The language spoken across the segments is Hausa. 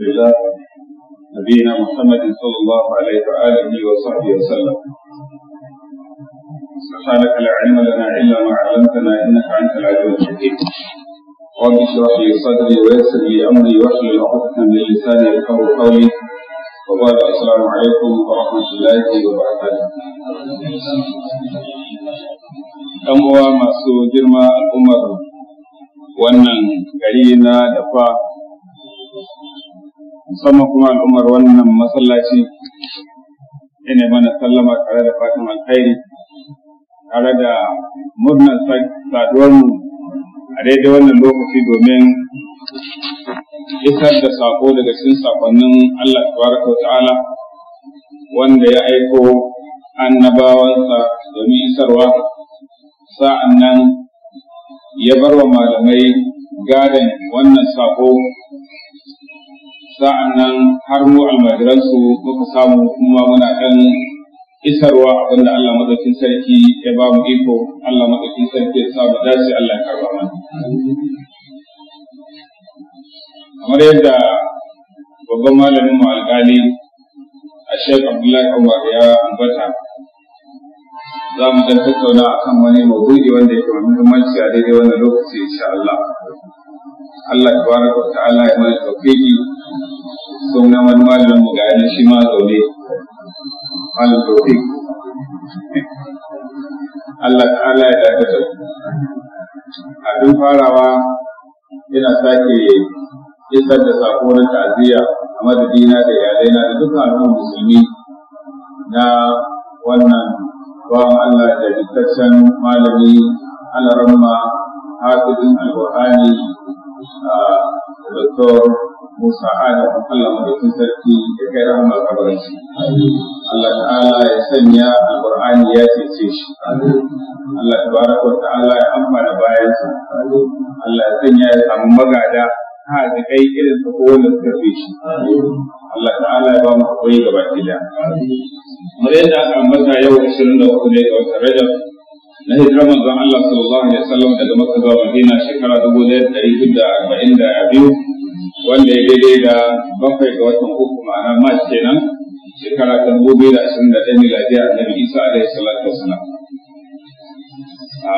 رسول الله نبينا محمد صلى الله عليه وآله وصحبه وسلم سبحانك لا علم لنا إلا ما علمتنا إنك أنت العليم الحكيم رب اشرح لي صدري ويسر لي أمري واحلل عقدة من لساني يفقهوا قولي وقال السلام عليكم ورحمة الله وبركاته ɗan uwa masu girma al'ummar wannan gari na dafa musamman kuma al'ummar wannan masallaci yana mana sallama tare da fatan alkhairi tare da murnar mu a daidai wannan lokaci domin isar da sako daga cikin sakonnin Allah tabaraka ta'ala wanda ya aiko annabawansa domin isarwa sa'an nan ya bar wa malamai gadon wannan sako sa'an nan har mu almajiransu muka samu kuma muna ɗan isarwa abin da Allah madaukin sarki ya ba mu iko Allah madaukin sarki ya sa mu dace Allah ya karba mana kamar yadda babban malamin mu alƙali a Sheikh Abdullahi Umar ya ambata za mu dan tattauna akan wani mawudi wanda yake muhimmanci a daidai wannan lokaci insha Allah Allah tabaraka ta'ala ya mana tawfiki sun na wani mu ga yana shi ma zaune Allah ta'ala ya dakata abin farawa yana sake isar da sako na ta'aziyya a madadina da iyalaina da dukkan al'ummar musulmi na wannan bawan Allah da dukkan malami alaramma hafizin alƙur'ani a doktor Musa Adam Allah madaukin sarki ya kai rahama kabarinsa. Allah ta'ala ya sanya alƙur'ani ya cece shi. Allah tabaraka wa ta'ala ya amfana bayansa. Allah ya sanya ya samu magada hazikai irin su ko wanda suka fi shi. Allah ta'ala ya ba mu akwai gaba ɗaya. Mu yadda aka ambata yau ashirin da 23 ne ga watan Rajab na hijirar manzon Allah sallallahu alaihi wasallam daga Makka zuwa Madina shekara dubu ɗaya da ɗari da arba'in da biyu wanda ya daidai da bakwai ga watan uku ma'ana March kenan shekara ta dubu biyu da ashirin da ɗaya miladiya Annabi Isa alaihi salatu wasalam. A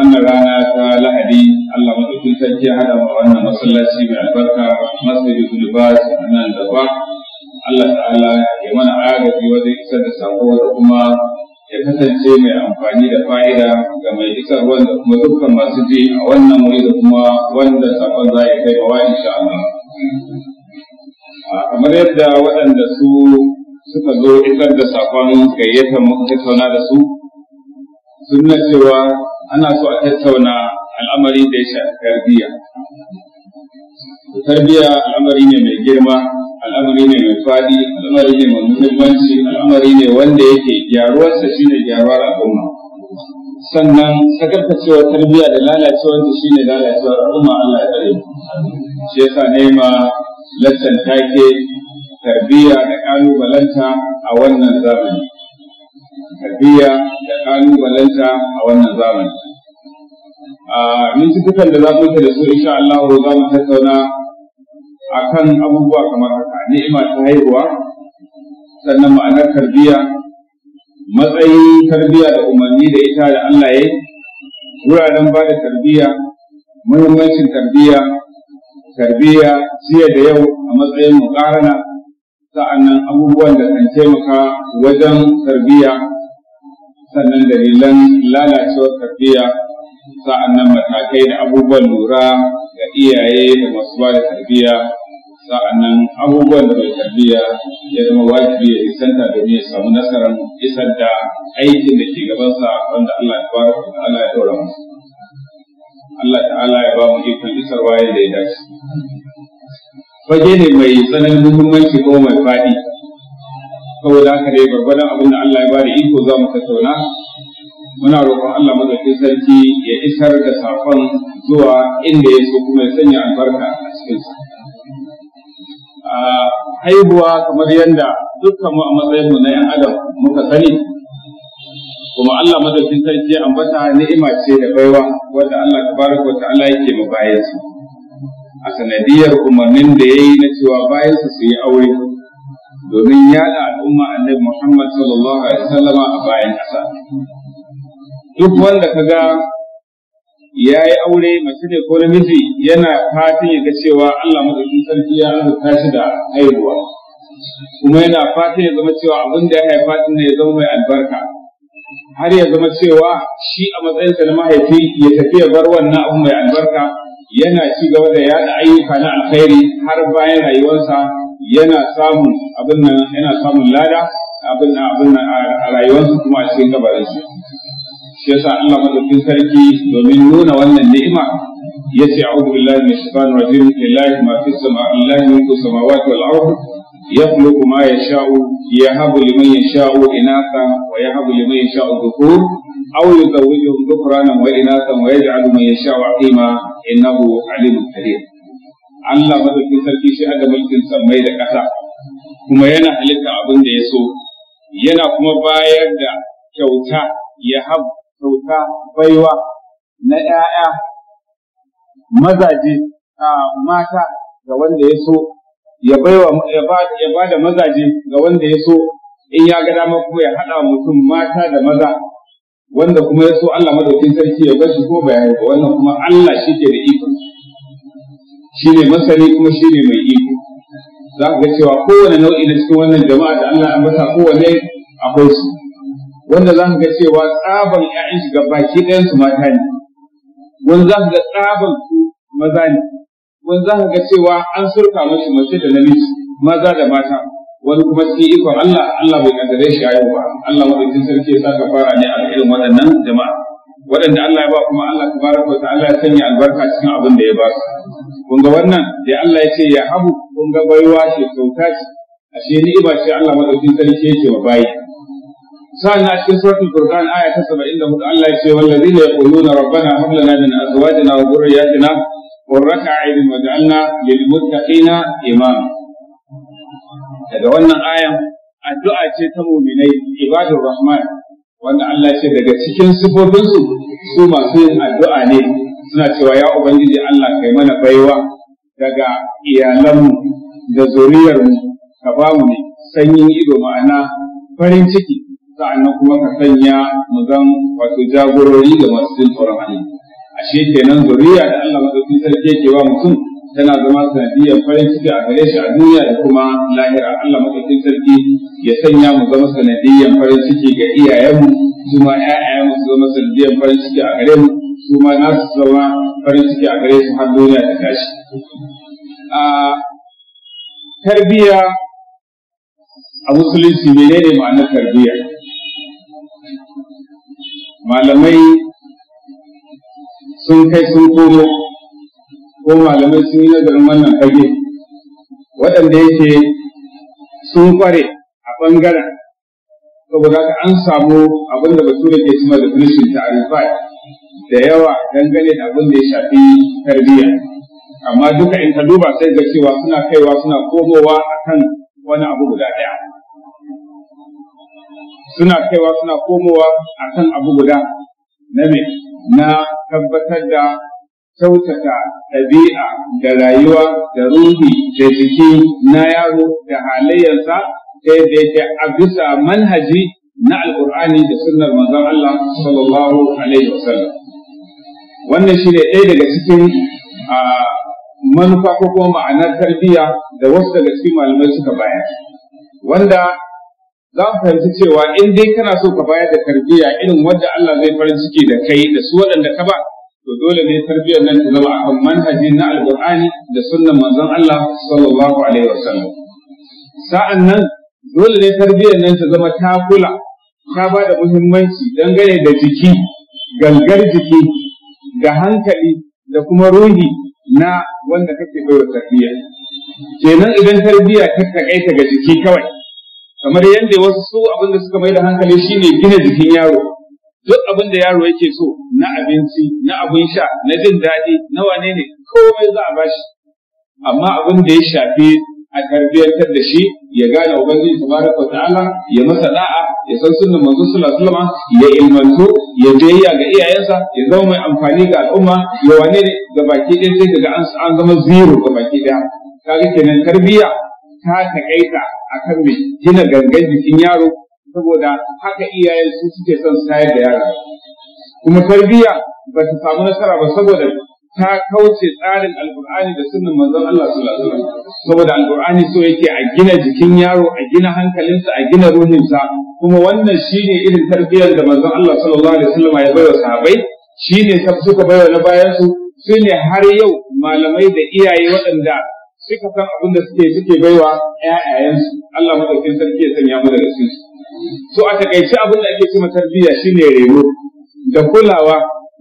wannan rana ta Lahadi Allah madaukin sarki ya hada ma wannan masallaci mai albarka Masjidul Dubas nan da ba Allah ta'ala ya mana agaji wajen isar da sako da kuma ya kasance mai amfani da fa'ida ga mai isar wanda kuma dukkan masu ji a wannan wuri da kuma wanda sakon za ya kai wa insha Allah. Kamar yadda waɗanda su suka zo isar da sakon gayyatar muka tattauna da su, sun na cewa ana so a tattauna al'amari da ya shafi tarbiyya. Tarbiyya al'amari ne mai girma al'amari ne mai faɗi al'amari ne mai muhimmanci al'amari ne wanda yake gyaruwarsa shine gyaruwar al'umma sannan sakarkacewar tarbiyya da lalacewar shi shine lalacewar al'umma Allah ya tsare shi yasa nema lantan take tarbiyya da kalubalanta a wannan zamani tarbiyya da kalubalanta a wannan zamani a mintukan da za mu da su insha Allah za mu tattauna akan abubuwa kamar haka ni'ima ta haihuwa sannan ma'anar tarbiyya matsayin tarbiyya da umarni da ita da Allah ya wuraren ba da tarbiyya muhimmancin tarbiyya tarbiyya jiya da yau a matsayin muƙarana sa'annan abubuwan da kan taimaka wajen tarbiyya sannan dalilan lalacewar tarbiyya sa'annan matakai da abubuwan lura ga iyaye da masu ba da tarbiyya sa'annan abubuwan da mai tarbiyya ya zama wajibi ya isanta domin ya samu nasarar isar da aikin da ke gabansa wanda Allah ya bar da Allah ya ɗora masa. Allah ta'ala ya ba mu ikon isarwa da ya dace. Fage ne mai tsananin muhimmanci kuma mai faɗi. Saboda haka dai gwargwadon abin da Allah ya ba da iko za mu tattauna muna roƙon Allah madaukakin sarki ya isar da saƙon zuwa inda ya so kuma ya sanya albarka a cikinsa. haihuwa kamar yadda dukkan a matsayin mu na yan adam muka sani kuma Allah madaukin sarki ambata ni'ima ce da baiwa wanda Allah tabaraka ta'ala yake mu bayan su a sanadiyar umarnin da yayi na cewa bayan su su yi aure domin yada al'umma annabi Muhammad sallallahu alaihi wasallama a bayan ƙasa duk wanda ka ga. ya yi aure mace ne ko namiji yana fatan ya ga cewa Allah madaukakin sarki ya rubuta shi da haihuwa kuma yana fatan ya zama cewa abin da ya haifa din ya zama mai albarka har ya zama cewa shi a matsayinsa na mahaifi ya tafi ya bar wannan abin mai albarka yana ci gaba da yada ayyuka na alkhairi har bayan rayuwarsa yana samun abin nan yana samun lada abin nan abin nan a rayuwarsa kuma a cikin gabarinsa shi yasa Allah madaukin sarki domin nuna wannan ni'ima yace a'udhu billahi minash shaitanir rajim lillahi ma fis samaa'i lillahi mulku samawati wal ardh yakhluqu ma yasha'u yahabu liman yasha'u inatha wa yahabu liman yasha'u dhukur aw yuzawwijuhum dhukranan wa inathan wa yaj'alu man yasha'u 'aqima innahu 'alimun qadir Allah madaukin sarki shi da mulkin samai da ƙasa kuma yana halitta abin da ya so yana kuma bayar da kyauta ya habu sauka baiwa na ‘ya'ya mazaje a mata ga wanda ya so ya ba da mazaje ga wanda ya so in ya ga dama kuma ya haɗa mutum mata da maza wanda kuma ya so Allah madaukin sarki ya bar ko bayani ba wannan kuma Allah shi ke da iko shi ne masani kuma shi ne mai iko za ka ga cewa kowane nau'i na cikin wannan jama'a da Allah ya ambata kowane akwai su wanda za ga cewa tsaban ‘ya'yan shiga baki su mata ne, wani za ga tsaban su maza ne, wani za ga cewa an surka mashi mace da namiji maza da mata, wani kuma cikin ikon Allah, Allah bai kaddare shi a yau ba, Allah maɗaukin sarki ya saka fara ne a irin waɗannan jama'a. Waɗanda Allah ya ba kuma Allah tabaraka wa ta'ala ya sanya albarka cikin abin da ya ba su. Kun ga wannan da Allah ya ce ya habu kun ga baiwa ce kyauta ce, ashe ba ce Allah maɗaukin sarki yake wa bayi. sannan a cikin suratul furqan aya ta 74 Allah ya ce wallazina yaquluna rabbana hab lana min azwajina wa dhurriyyatina qurrata a'yunin waj'alna daga wannan ayan addu'a ce ta mu'minai ibadur rahman wanda Allah ya ce daga cikin sifofinsu su masu yin addu'a ne suna cewa ya ubangiji Allah kai mana baiwa daga iyalanmu da zuriyarmu ka bamu ne sanyin ido ma'ana farin ciki sa'annan kuma ka sanya mu zan wato jagorori ga masu jin tsoron a ashe kenan zuriya da Allah madaukakin sarki yake wa mutum tana zama sanadiyar farin ciki a gare shi a duniya da kuma lahira Allah madaukakin sarki ya sanya mu zama sanadiyar farin ciki ga iyayenmu su ma ƴaƴayenmu su zama sanadiyar farin ciki a gare mu su ma su zama farin ciki a gare su har duniya ta tashi a a musulunci menene ma'anar tarbiyya malamai sun kai sun komo ko malamai sun yi nazarin wannan fage waɗanda yake sun kware a ɓangaren saboda ka an samu abin da bature ke suna da finishin ta'arifa da yawa dangane da abin da ya shafi tarbiyya amma duka in ka duba sai ga cewa suna kaiwa suna komowa akan wani abu guda ɗaya suna kaiwa suna komowa akan abu guda na me na tabbatar da kyautata ɗabi'a da rayuwa da ruhi da jiki na yaro da halayyarsa ta yadda yake a bisa manhaji na alƙur'ani da sunnar manzon Allah sallallahu alaihi wasallam wannan shine ɗaya daga cikin manufa ko kuma ma'anar tarbiyya da wasu daga cikin malamai suka bayar wanda za mu fahimci cewa in dai kana so ka bayar da tarbiyya irin wadda Allah zai farin ciki da kai da su waɗanda ka ba to dole ne tarbiyyar nan ta zama akan manhaji na alqur'ani da sunnan manzon Allah sallallahu alaihi wasallam sa'an nan dole ne tarbiyyar nan ta zama ta kula ta ba da muhimmanci dangane da jiki gangar jiki da hankali da kuma ruhi na wanda kake bai wa tarbiyya kenan idan tarbiyya ta ta ga jiki kawai kamar yadda wasu su abin da suka mai da hankali ne gina jikin yaro duk abin da yaro yake so na abinci na abin sha na jin daɗi na wane ne komai za a bashi amma abin da ya shafi a tarbiyyantar da shi ya gane ubangiji tabaraka ta'ala ya masa da'a ya san sunnan manzo sallallahu alaihi ya ilmantu ya biyayya ga iyayensa ya zama mai amfani ga al'umma ya wane ne ga baki ɗaya sai kaga an zama zero ga baki ɗaya kaga kenan tarbiyya ta takaita kan mai gina gangan jikin yaro saboda haka iyayen su suke son sayar da yara kuma tarbiyya ba ta samu nasara ba saboda ta kauce tsarin alkur'ani da sunnan manzon Allah sallallahu alaihi wasallam saboda alkur'ani so yake a gina jikin yaro a gina hankalinsa a gina ruhinsa kuma wannan shine irin tarbiyyar da manzon Allah sallallahu alaihi wasallam ya bayar sahabbai shine sab suka bayar na bayan su shine har yau malamai da iyaye waɗanda suka san abin da suke suke baiwa ƴaƴayensu Allah madaukakin sarki ya sanya mu daga cikin su a takaice abin da ake cewa tarbiyya shine reno da kulawa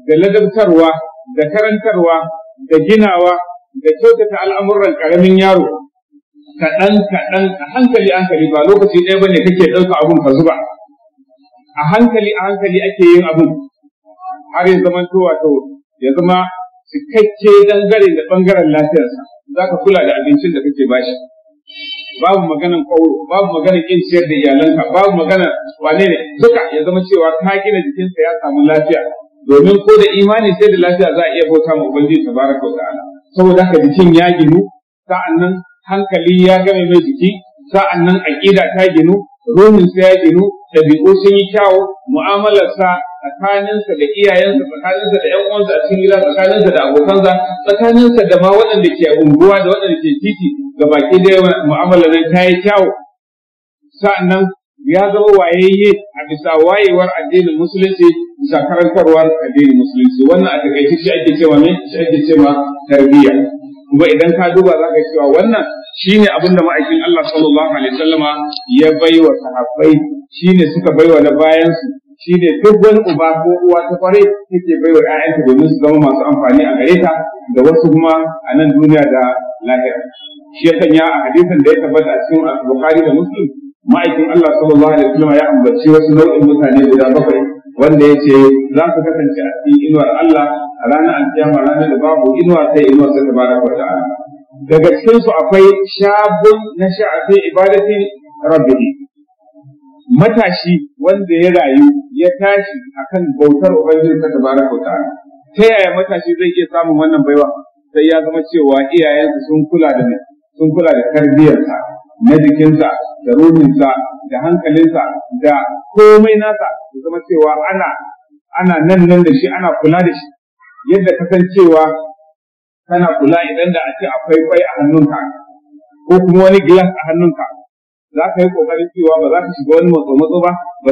da ladabtarwa da karantarwa da ginawa da kyautata al'amuran karamin yaro kaɗan kaɗan a hankali hankali ba lokaci ɗaya bane kake ɗauka abun ka zuba a hankali a hankali ake yin abun har ya zama to wato ya zama cikakke dangare da bangaren lafiyarsa za ka kula da abincin da kake bashi babu maganan kwauro babu maganan kin ciyar da iyalanka babu maganan wane ne duka ya zama cewa ka gina jikinsa ya samu lafiya domin ko da imani sai da lafiya za a iya bauta ma ubangiji tabaraka wa ta'ala saboda haka jikin ya ginu sa'annan hankali ya game mai jiki sa'annan aƙida ta ginu ruhin sa ya ginu ɗabi'u sun yi kyawu mu'amalarsa tsakaninsa da iyayensa tsakaninsa da 'yan uwansa a cikin gida tsakaninsa da abokansa tsakaninsa da ma waɗanda ke unguwa da waɗanda ke titi ga baki da mu'amala nan ta yi kyawu sa'annan ya zama wayayye a bisa wayewar addinin musulunci bisa karantarwar addinin musulunci wannan a takaice shi ake cewa ne shi ake cewa tarbiyya kuma idan ka duba za ka cewa wannan shine abin da ma'aikin Allah sallallahu alaihi wasallama ya baiwa sahabbai ne suka baiwa na bayansu shi ne duk wani uba ko uwa ta kware take bai wa ‘ya'yanta domin su zama masu amfani a gare ta da wasu kuma a nan duniya da lahira. Shi ya sanya a hadisin da ya tabbata a cikin Bukhari da Muslim ma'aikin Allah sallallahu alaihi wasallam ya ambaci wasu nau'in mutane guda bakwai wanda ya ce za su kasance a cikin inuwar Allah a ranar alkiyama ranar da babu inuwa sai inuwar sai tabaraka wa ta'ala. Daga cikinsu akwai shabun na sha'afin ibadatin rabbihi matashi wanda ya rayu ya tashi a kan bautar ubangiji ta tabaraka wa ta yaya matashi zai iya samun wannan baiwa sai ya zama cewa iyayensa sun kula da mai sun kula da tarbiyarsa na jikinsa da ruhinsa da hankalinsa da komai nasa ya zama cewa ana ana nan nan da shi ana kula da shi yadda kasancewa kana kula idan da a ce akwai kwai a hannunka ko kuma wani gilas a hannunka za ka yi kokarin cewa ba za ka shiga wani matso matso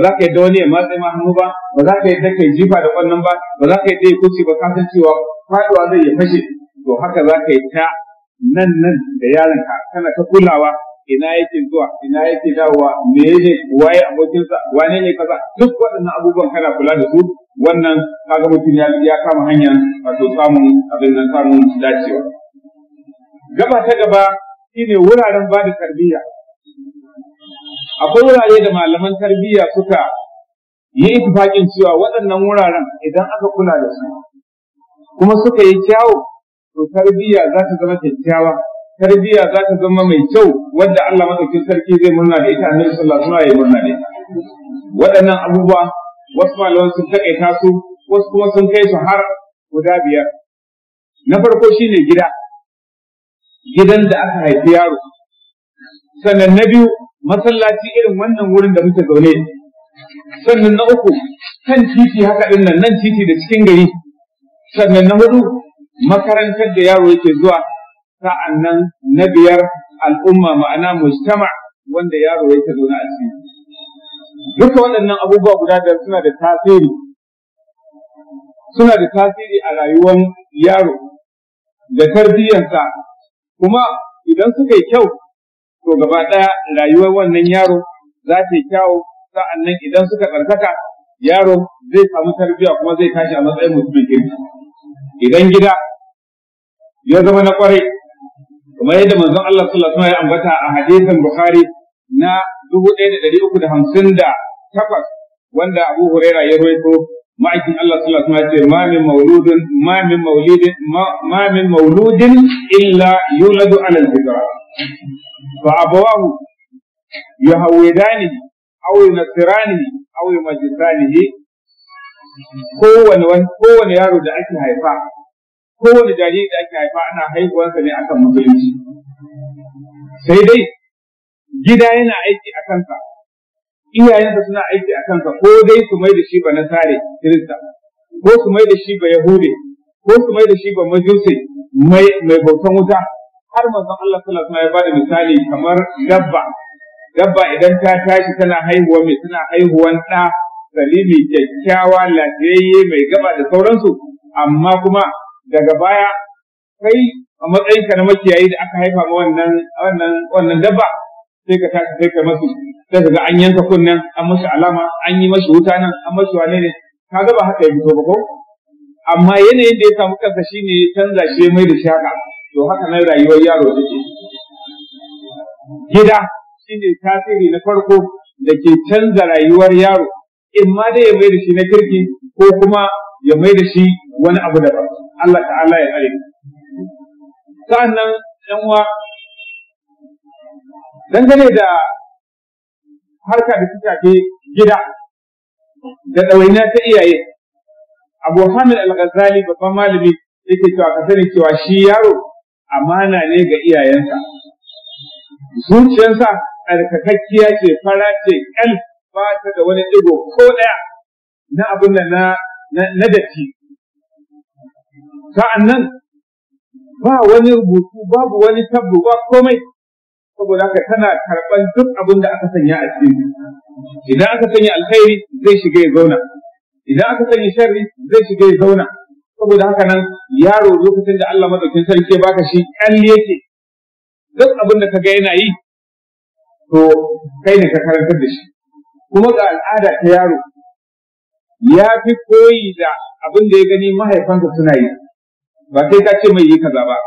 ba ba za ka yi wani ya matse ma ba ba za ka yadda kai jifa da kwallon ba ba za ka yadda ya kuce ba kasan cewa faduwa zai ya fashe to haka za ka yi ta nan nan da yaronka kana ta kulawa ina yake zuwa ina yake dawowa me ne waye abokinsa wane ne kaza duk waɗannan abubuwan kana kula da su wannan kaga mutum ya kama hanyar wato samun abin nan samun dacewa gaba ta gaba shine wuraren ba da tarbiyya akwai wurare da malaman tarbiyya suka yi itifaƙin cewa waɗannan wuraren idan aka kula da su kuma suka yi kyawu to tarbiyya za ta zama kyakkyawa tarbiyya za ta zama mai kyau wadda Allah madaukakin sarki zai murna da ita annabi sallallahu alaihi wasallam ya murna da waɗannan abubuwa wasu malaman sun takaita su wasu kuma sun kai su har guda biyar na farko shine gida gidan da aka haifi yaro sannan na biyu masallaci irin wannan wurin da muke zaune sannan na uku kan titi haka din nan nan titi da cikin gari sannan na hudu makarantar da yaro yake zuwa sa'annan na biyar al'umma ma'ana mujtama wanda yaro yake zaune a ciki duka waɗannan abubuwa guda da suna da tasiri suna da tasiri a rayuwar yaro da tarbiyyarsa kuma idan suka yi kyau to gaba ɗaya rayuwar wannan yaro za ta yi kyawu nan idan suka tsarkaka yaro zai samu tarbiyya kuma zai tashi a matsayin mutumin kirki idan gida ya zama na kwarai kuma yadda manzon Allah sallallahu alaihi wasallam ya ambata a hadisin Bukhari na 1358 wanda Abu Huraira ya rawaito ma'aikin Allah sallallahu alaihi wasallam ce ma min mauludin ma min maulidin ma min mauludin illa yuladu ala al-fitra fa abawahu yahawidani aw yunasirani aw yumajisanihi kowane kowane yaro da ake haifa kowane jariri da ake haifa ana haihuwarsa ne akan musulunci sai dai gida yana aiki a kansa iyayensa suna aiki a kansa ko dai su mai da shi ba nasare kirista ko su mai da shi ba yahude ko su mai da shi ba majusi mai mai bautan wuta har manzon Allah sallallahu alaihi wasallam ya bada misali kamar dabba dabba idan ta tashi tana haihuwa mai tana haihuwan da salimi kyakkyawa lafiyayye mai gaba da sauransu amma kuma daga baya kai a matsayinka na makiyayi da aka haifa ma wannan wannan dabba sai ka tashi sai ka masu sai ka ga an yanka kunnen an mashi alama an yi masu wuta nan an mashi wane ne kaga ba haka ya fito ba ko amma yanayin da ya samu kansa shine ya canza shi mai da shaka to haka nan rayuwar yaro take gida shine tasiri na farko da ke canza rayuwar yaro in ma dai ya mai da shi na kirki ko kuma ya mai da shi wani abu daban Allah ta'ala ya tsare sa'annan yan uwa dangane da harka da suka ke gida da ɗawaina ta iyaye abu hamil al-ghazali babban malami yake cewa ka sani cewa shi yaro amana ne ga iyayensa zuciyarsa tsarkakakkiya ce fara ce ƴan ba ta da wani ɗigo ko ɗaya na abin da na datti sa'an nan ba wani rubutu babu wani tabbu ba komai saboda haka tana karɓar duk abin da aka sanya a cikin idan aka sanya alkhairi zai shiga ya zauna idan aka sanya sharri zai shiga ya zauna saboda haka nan yaro lokacin da Allah madaukakin sarki ya baka shi kalli yake duk abin da ga yana yi to kai ne ka karantar da shi kuma ga al'ada ta yaro ya fi koyi da abin da ya gani mahaifansa suna yi ba sai ka ce mai yi kaza ba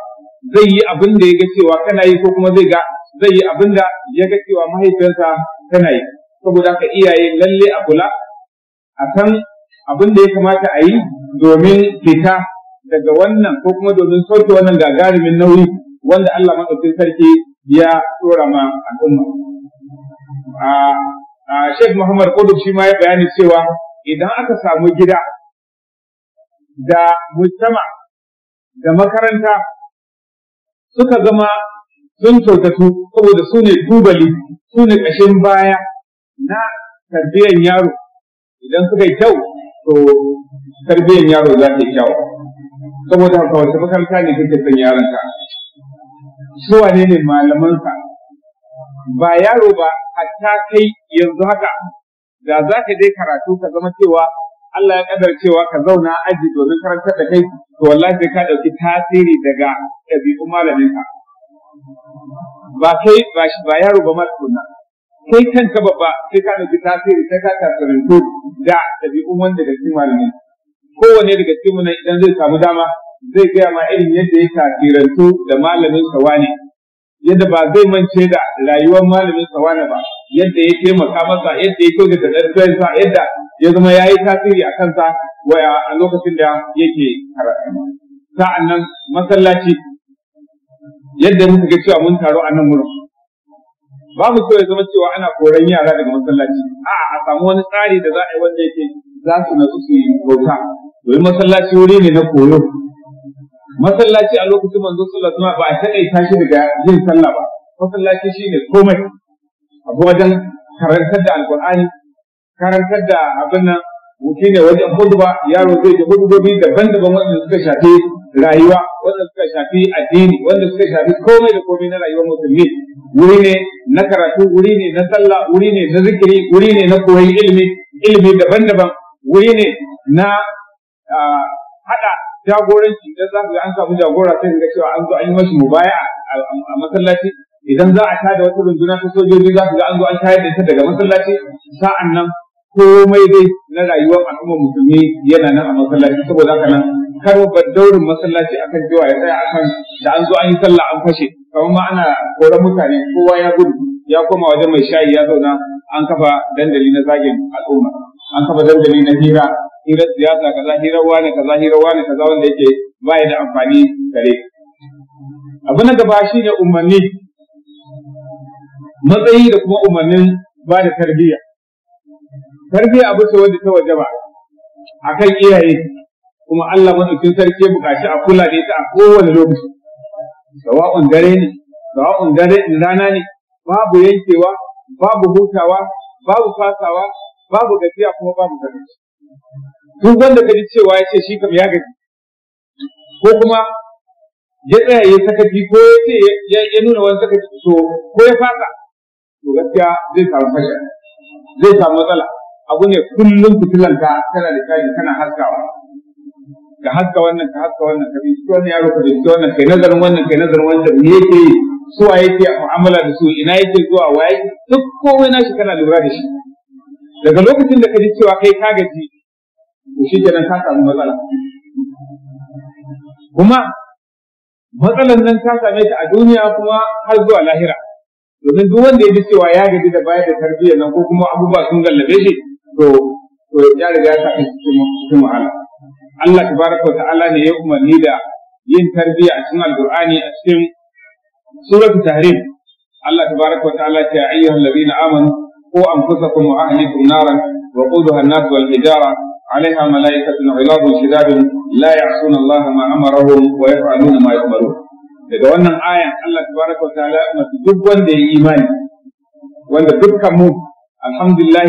zai yi abin da ya ga cewa kana yi ko kuma zai ga zai yi abin da ya ga cewa mahaifinsa tana yi saboda ka iyaye lalle a kula a san abin da ya kamata a yi domin fita daga wannan ko kuma domin sauke wannan gagarumin nauyi wanda Allah maɗaukin sarki ya tsora ma al'umma. Sheikh Muhammad Qudub shi ma ya bayani cewa idan aka samu gida da mujtama da makaranta suka zama sun kyautatu saboda su ne tubali su ne ƙashin baya na tarbiyyar yaro idan suka yi kyau to tarbiyyar yaro za ta yi kyau saboda haka wace makaranta ne kake son yaron ka su wane ne malamansa ba yaro ba hatta kai yanzu haka da za ka je karatu ka zama cewa Allah ya kadar cewa ka zauna aji domin karantar da kai to wallahi sai ka ɗauki tasiri daga ɗabi'un malaminka ba kai ba yaro ba ma tukuna kai kanka babba sai ka ɗauki tasiri sai ka ko da ɗabi'un wanda da cikin malamai kowane daga cikin nan idan zai samu dama zai gaya ma irin yadda ya tasirantu da malamin sawane yadda ba zai mance da rayuwar malamin sawane ba yadda ya taimaka masa yadda ya kyautata ɗarfiyarsa yadda ya zama ya yi tasiri a kansa waya a lokacin da yake karatu sa'annan masallaci yadda muka ga cewa mun taro a nan wurin babu so ya zama cewa ana koran yara daga masallaci A'a, a samu wani tsari da za a yi wanda yake za su na su yi bauta domin masallaci wuri ne na koyo masallaci a lokacin manzo sallallahu alaihi ba a takaita shi daga yin sallah ba masallaci shine komai abu wajen karantar da alqur'ani karantar da abin nan wuki ne wajen ba, yaro zai ji gobi daban-daban wanda suka shafi rayuwa wanda suka shafi addini wanda suka shafi komai da komai na rayuwar musulmi wuri ne na karatu wuri ne na sallah wuri ne na zikiri wuri ne na koyon ilimi ilimi daban-daban wuri ne na haɗa jagoranci idan za ku ga an samu jagora sai ga cewa an zo an yi mashi mubaya a masallaci idan za a tada wata runduna ta sojoji za ku ga an zo an tayar da ita daga masallaci sa'an nan komai dai na rayuwar al'ummar musulmi yana nan a masallaci saboda haka nan kar daurin masallaci akan jiwa ya tsaya akan da an zo an yi sallah an fashe kamar ma ana koran mutane kowa ya gudu ya koma wajen mai shayi ya zauna an kafa dandali na zagin al'umma an kafa dandali na hira hirar siyasa kaza hira wani kaza hira wani kaza wanda yake ba ya da amfani gare abu na gaba ne umarni matsayi da kuma umarnin ba da tarbiyya tarbiyya abu ce wanda ta wajaba akan iyaye kuma Allah madaukin sarki ya buƙaci a kula da ita a kowane lokaci sawa'un dare ne sawa'un dare rana ne babu yankewa babu hutawa babu fasawa babu gajiya kuma babu gajiya duk wanda ka ji cewa ya ce shi kam ya gaji ko kuma ya tsaya ya ko ya ce ya nuna wani sakaci to ko ya fasa to gaskiya zai samu fasha zai samu matsala abu ne kullum fitilanta tana da kaji tana haskawa ka haska wannan ka haska wannan ka bisu wannan yaro ka jikin wannan kai nazarin wannan kai nazarin wannan me yake yi su a yake mu'amala da su ina yake zuwa wa yake duk komai nashi kana lura da shi daga lokacin da ka ji cewa kai ka gaji to shi kenan ka samu matsala kuma matsalan nan ta same ta a duniya kuma har zuwa lahira domin duk wanda ya ji cewa ya gaji da bayar da tarbiyya nan ko kuma abubuwa sun gallabe shi to to ya riga ya sa cikin wahala Allah tabaraka ta'ala ne ya umarni da yin tarbiyya a cikin alqur'ani a cikin suratul tahrim Allah tabaraka ta'ala ce ayyuhal ladina amanu qu anfusakum wa ahlikum naran wa qudaha an-nas wal hijara عليها ملائكة غلاظ شداد لا يعصون الله ما wa ويفعلون ما يؤمرون daga wannan ayan Allah tabaraka wa masu duk wanda ya yi imani wanda dukkan mu alhamdulillah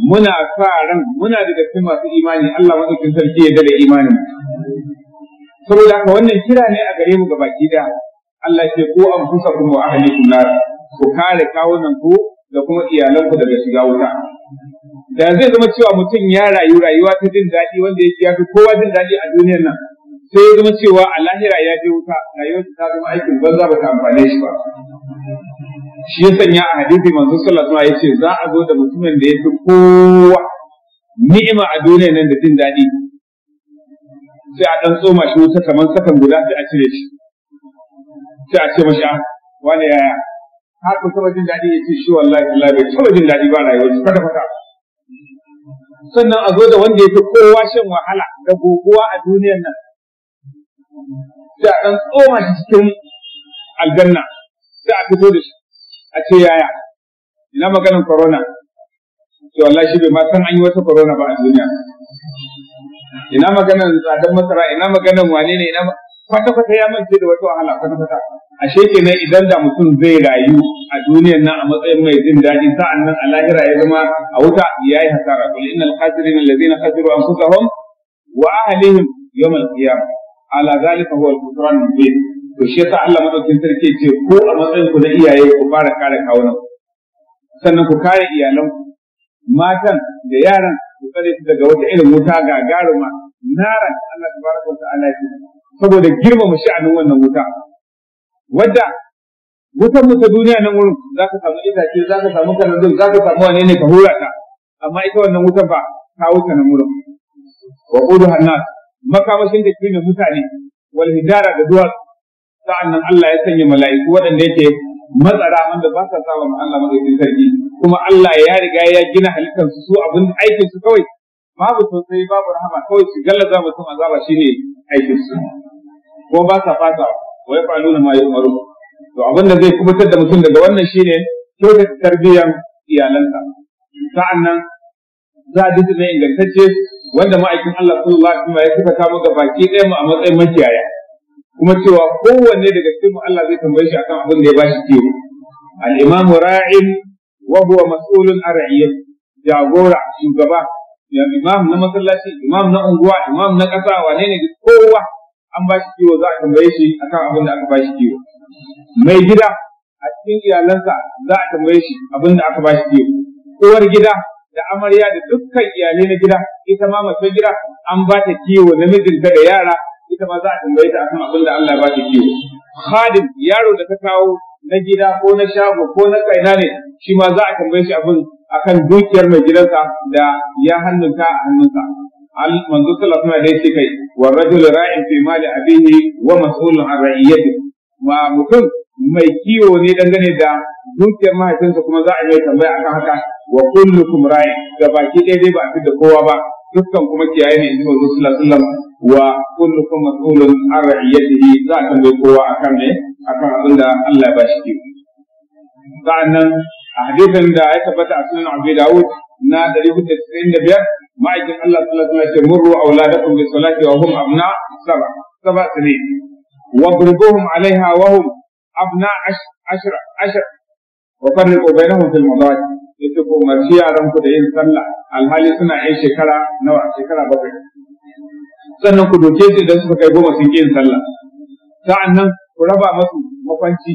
muna sa ran muna da daga masu imani Allah madaukakin sarki ya gada imanin saboda haka wannan kira ne a gare mu baki da Allah ke ko an kusa ku mu ahlikum nar ku kare nan ku da kuma iyalanku daga shiga wuta da zai zama cewa mutum ya rayu rayuwa ta jin daɗi wanda ya fi kowa jin daɗi a duniyar nan sai ya zama cewa a lahira ya je wuta rayuwarsa ta zama aikin banza ba ta amfane shi ba shi ya sanya a hadisi manzo sallallahu alaihi wasallam za a zo da mutumin da yafi kowa ni'ima a duniya nan da jin daɗi sai a dan tsoma shi wuta kamar sakan guda da a cire shi sai a ce mashi ah, wani yaya har ku taba jin daɗi yace shi wallahi Allah bai taba jin daɗi ba rayuwar shi kada fata sannan a zo da wanda yafi kowa shan wahala da goguwa a duniyar nan sai a dan tsoma shi cikin aljanna sai a fito da shi a ce yaya ina maganin corona to Allah shi bai ma san an yi wata corona ba a duniya ina maganin tsadan masara ina maganin wane ne ina kwata kwata ya mance da wata wahala kwata kwata ashe kenan idan da mutum zai rayu a duniyar nan a matsayin mai jin daɗi sa'an nan a lahira ya zama a wuta ya yi hasara kul innal khasirin allazina khasiru anfusahum wa ahlihim yawm al-qiyamah ala zalika huwa al-khusran mubin to shi yasa Allah madaukakin sarki ce ko a matsayin ku na iyaye ku fara kare kawunan sannan ku kare iyalan matan da yaran ku tsare su daga wata irin wuta ga garuma, naran Allah tabaraka wa ta'ala ya saboda girmama sha'anin wannan wuta wadda wutar mu ta duniya nan wurin za ka samu itace za ka samu kanadun za ka samu wani ne ka hura ta amma ita wannan wutan ba ta wuta nan wurin wa hannas makamashin da kine mutane wal hijara da duwatsu sa'an nan Allah ya sanya mala'iku waɗanda yake matsara wanda ba sa saba ma Allah madaukakin sarki kuma Allah ya riga ya gina halittar su su abin aikin su kawai babu sosai babu rahama kawai su gallaza mutum azaba shine aikin su ko ba sa fata wa yafaluna ma yu'maru to abin da zai kubutar da mutum daga wannan shine kyautata tarbiyyar iyalansa sa'an nan za a dinga ingantacce wanda ma'aikin Allah sallallahu alaihi ya sifata kama ga baki ɗaya mu a matsayin makiyaya kuma cewa kowanne daga cikin Allah zai tambaye shi akan abin da ya bashi ciwo. al-imam ra'in wa huwa mas'ulun an jagora shugaba ya imam na masallaci imam na unguwa imam na kasa wane ne kowa an bashi ciwo za a tambaye shi akan abin da aka bashi ciwo. mai gida a cikin iyalansa za a tambaye shi abin da aka bashi ciwo. uwar gida da amarya da dukkan iyalai na gida ita ma mace gida an ba ta na namijinta da yara ita ma za a tambaye ta akan abin da Allah ba ta kiwo khadim yaro da ka kawo na gida ko na shago ko na kaina ne shi ma za a tambaye shi abin akan dukiyar mai gidansa da ya hannunka a hannunsa manzo sallallahu alaihi wasallam kai wa rajul ra'in fi mali abihi wa mas'ulun an ra'iyati ma mutum mai kiwo ne dangane da dukiyar mahaifinsa kuma za a yi tambaya akan haka wa kullukum ra'in ga baki daidai ba a fi da kowa ba dukkan kuma kiyaye ne inji manzo sallallahu wa wasallam kuma kullukum mas'ulun an ra'iyatihi za a tambaye kowa akan ne akan abin da Allah ya bashi kiwo sa'annan a hadisin da ya tabbata a sunan Abu Dawud na 495 ma'aikin Allah sallallahu alaihi wasallam ya ce murru auladakum bi salati wa hum abna sab'a sab'a sinin wa burbuhum alaiha wa hum abna ashra ashra وفرقوا بينهم في المضاجع yake ko masu yaran ku da yin sallah alhali suna yin shekara nawa shekara bakwai sannan ku doke su idan suka kai goma sun yin sallah nan, ku raba masu makwanci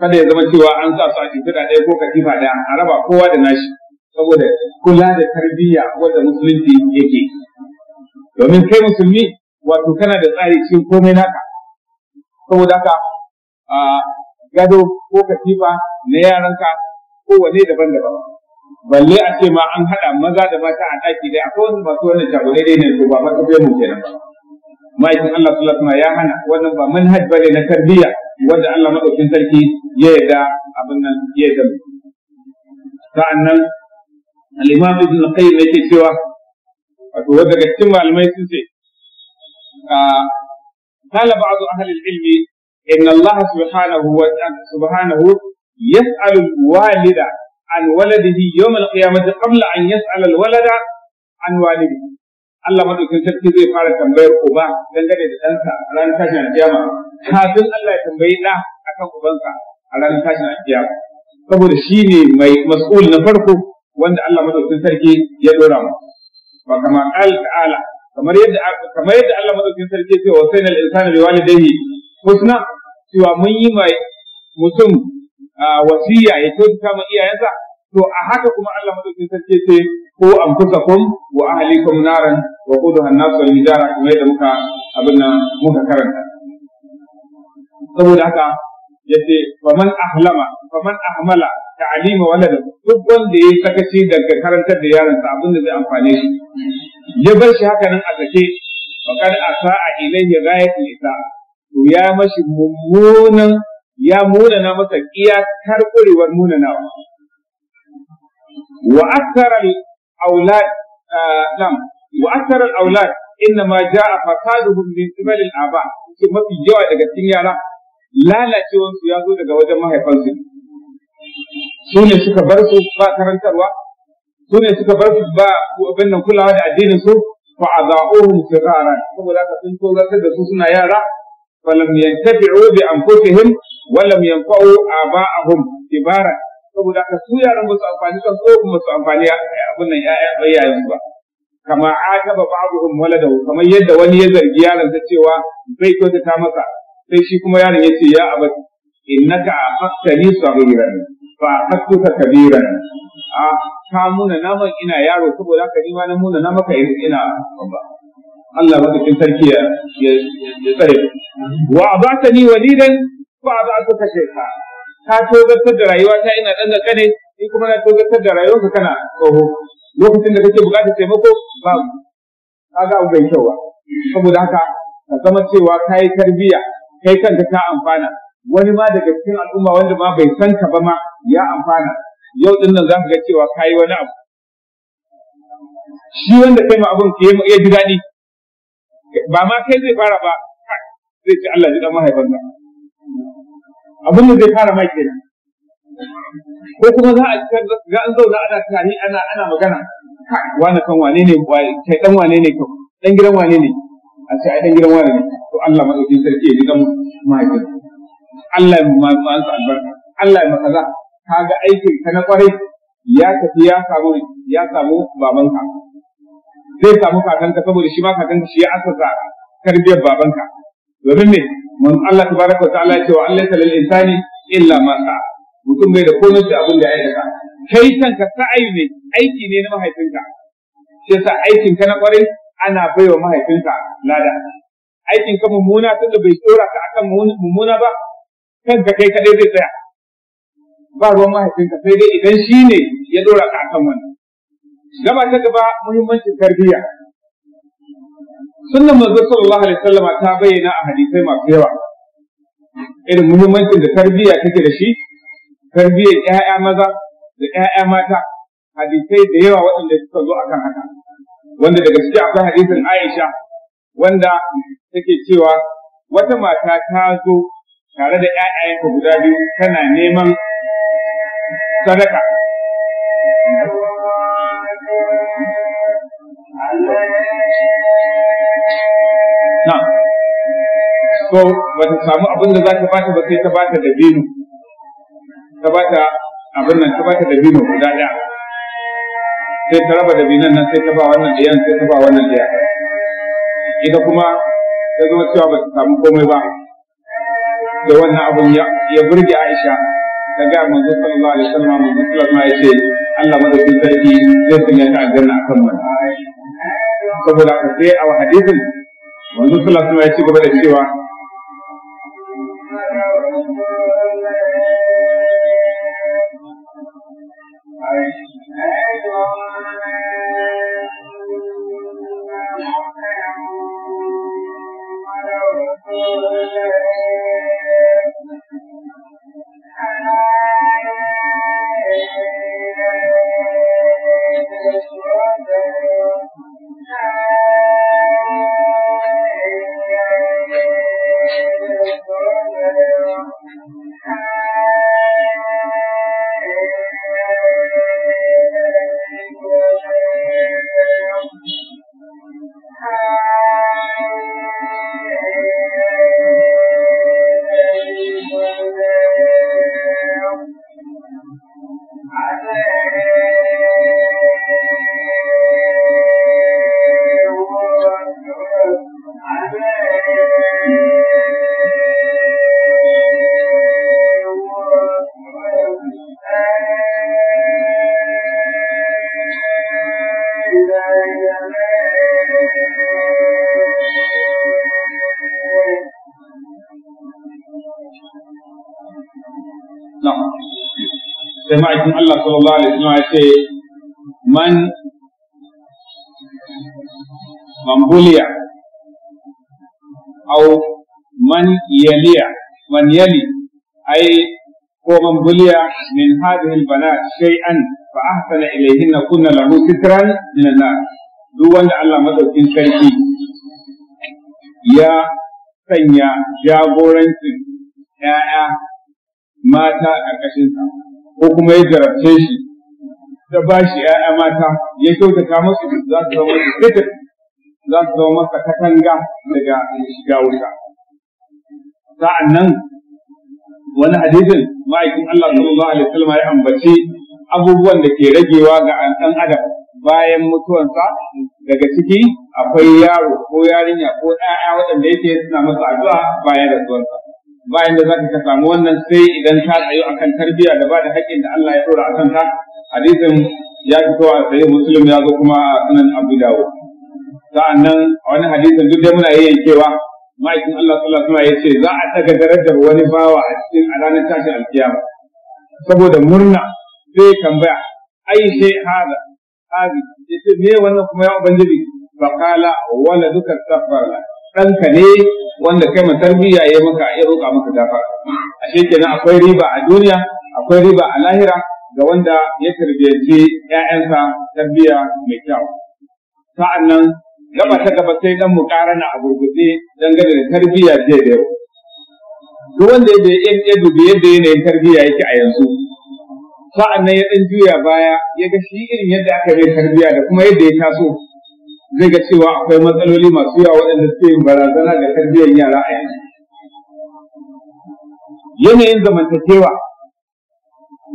kada ya zama cewa an sa su a shimfiɗa ɗaya ko katifa ɗaya a raba kowa da nashi saboda kula da tarbiyya wanda musulunci yake domin kai musulmi wato kana da tsari cikin komai naka saboda haka gado ko katifa na yaranka Kowane daban-daban balle a ce ma an haɗa maza da mata a ɗaki dai akwai wasu masu wannan shagulai dai ne to ba mata bai mu kenan ba ma'aikin Allah sallallahu alaihi ya hana wannan ba manhaj ba ne na tarbiyya wanda Allah madaukin sarki ya yarda abin nan ya yarda sa'annan nan, imam Ibn Qayyim yake cewa wato wanda daga cikin malamai sun ce قال بعض أهل العلم إن الله سبحانه سبحانه يسأل الوالد عن ولده يوم القيامة قبل أن يسأل الولد عن والده Allah madaukin sarki zai fara tambayar uba dangane da ɗansa a ranar tashin alkiyama kafin Allah ya tambayi ɗa akan ubansa a ranar tashin alkiyama saboda shi ne mai mas'ul na farko wanda Allah madaukin sarki ya dora mu ba kama qal ta'ala kamar yadda kamar yadda Allah madaukin sarki ya ce wa sayyidul insani bi walidayhi husna cewa mun yi mai mutum wasiya ya kyautata ma iyayensa to a haka kuma Allah madaukakin sarki ce ko anfusakum wa ahlikum naran wa qudha an-nas wal hijara kamar da muka abin nan muka karanta saboda haka yace faman ahlama faman ahmala ta'lima walada duk wanda yayi sakaci daga karantar da yaron sa abin da zai amfane shi ya bar shi haka nan a sake faqad asaa ilayhi ghayatul isa to ya mashi mummunan ya munana masa iyakar ƙurewar munanawa wa akthar aulad ah, nam wa akthar aulad inna ma a fasaduhum min aba su mafi yawa daga cikin yara lalacewar ya zo daga wajen mahaifansu su ne suka bar su ba karantarwa su ne suka bar su ba abin kulawa da addinin su fa adaa'uhum sirran saboda kafin sun tsoratar da su suna yara falam yantafi'u bi anfusihim walam yanfa'u aba'ahum kibara saboda haka su yaran ba su amfani kan ko kuma su amfani abin nan ya'ya bayayen ba kama ataba ba'dhum waladahu kamar yadda wani ya zargi yaron ta cewa bai kyautata masa sai shi kuma yaron ya ce ya abati innaka aqtani saghiran fa aqtuka kabiran a ka muna naman ina yaro saboda haka ni ma na muna na maka ina babba Allah madaukin sarki ya tsare wa abatani walidan ba ba su kashe ka ka tozartar da rayuwa ta ina ɗan zaka ne ni kuma na tozartar da rayuwarka kana tsoho lokacin da kake buƙatar taimako babu kaga abu bai kyau ba saboda haka ka zama cewa ka yi tarbiyya kai kanka ka amfana wani ma daga cikin al'umma wanda ma bai san ka ba ma ya amfana yau din nan zaka ga cewa ka yi wani abu shi wanda kai ma abun ke ya ji daɗi ba ma kai zai fara ba zai ci Allah ji dan mahaifan abin da zai fara mai kenan ko kuma za a ga an zauna ana tunani ana ana magana wani kan wane ne kai dan wane ne kai dan gidan wane ne a ce ai dan gidan wane ne to Allah madaukakin sarki ya gidan mahaifin Allah ya ma an albarka Allah ya maka za ga aikin ka na kwarai ya tafi ya samu ya samu babanka zai samu kakanka saboda shi ma kakanka shi ya asasa karbiyar babanka domin me man Allah tabaraka wa ta'ala cewa Allah ta lil insani illa ma sa mutum bai da komai da abin da ya aikata kai kanka sa'ai ne aiki ne na mahaifinka sai sa aikin ka na kwarai ana baiwa mahaifinka lada aikin ka mummuna tunda bai tsora ka akan mummuna ba kanka kai kadai zai tsaya ba ruwan mahaifinka sai dai idan shi ne ya dora ka akan wannan gaba ta gaba muhimmancin tarbiyya sunnan manzo sallallahu alaihi wasallam ta bayyana a hadisai masu yawa irin muhimmancin da tarbiyya take da shi tarbiyyar ƴaƴa maza da ƴaƴa mata hadisai da yawa waɗanda suka zo akan haka wanda daga ciki akwai hadisin Aisha wanda take cewa wata mata ta zo tare da ‘ya'yayanta guda biyu tana neman sadaka. so ba ta samu abin da za ta bata ba sai ta bata da binu, ta bata abin nan ta bata da binu guda ɗaya sai ta raba da binan nan sai ta ba wannan ɗayan sai ta ba wannan ɗaya ita kuma ta zama cewa ba ta samu komai ba da wannan abun ya burge Aisha ta ga manzo sallallahu alaihi wasallam manzo sallallahu alaihi wasallam ya ce Allah madaukin sarki zai sanya ta aljanna akan mu saboda sai a hadisin manzo sallallahu alaihi wasallam ya ci gaba da cewa I manzon Allah sallallahu alaihi wasallam ya ce man man au man yaliya man yali ko man buliya min hadhihi albanat shay'an fa ahsana ilayhinna kunna lahu sitran min an-nar duk wanda Allah madaukin sarki ya sanya jagorancin ‘ya'ya mata a ƙashinsa. ko kuma ya jarabce shi da ba shi ‘ya'ya mata ya kyautata masu za su zama fitir za su zama masa katanga daga shiga wuta. Sa'an nan wani hadisin ma'aikin Allah sallallahu alaihi wasallam ya ambaci abubuwan da ke ragewa ga ɗan adam bayan mutuwansa daga ciki akwai yaro ko yarinya ko 'ya'ya waɗanda yake suna masa addu'a bayan rasuwarsa. bayan da zaka ka samu wannan sai idan ka tsayo kan tarbiyya da ba da haƙƙin da Allah ya a kan ta, hadisin ya fito a tsaye muslim ya zo kuma a sunan abu dawud sa'annan a wani hadisin duk da muna yayyankewa ma'aikin Allah sallallahu alaihi ya ce za a daga darajar wani bawa a cikin ranar tashin alkiyama saboda murna zai tambaya ai sai hada hadi yace me wannan kuma ya ubangiji fa qala wala duka safara ɗanka ne wanda kai ma tarbiyya ya maka ya roƙa maka gafara ashe kenan akwai riba a duniya akwai riba a lahira ga wanda ya tarbiyaci ƴaƴansa tarbiyya mai kyau sa'an nan gaba ta gaba sai dan mu karana a gurguje dangane da tarbiyya da yau duk wanda ya dubi yadda yanayin tarbiyya yake a yanzu sa'an nan ya dan juya baya ya ga shi irin yadda aka yi tarbiyya da kuma yadda ya taso zai ga cewa akwai matsaloli masu yawa waɗanda suke yin barazana da tarbiyyar yara a yanzu yanayin zamantakewa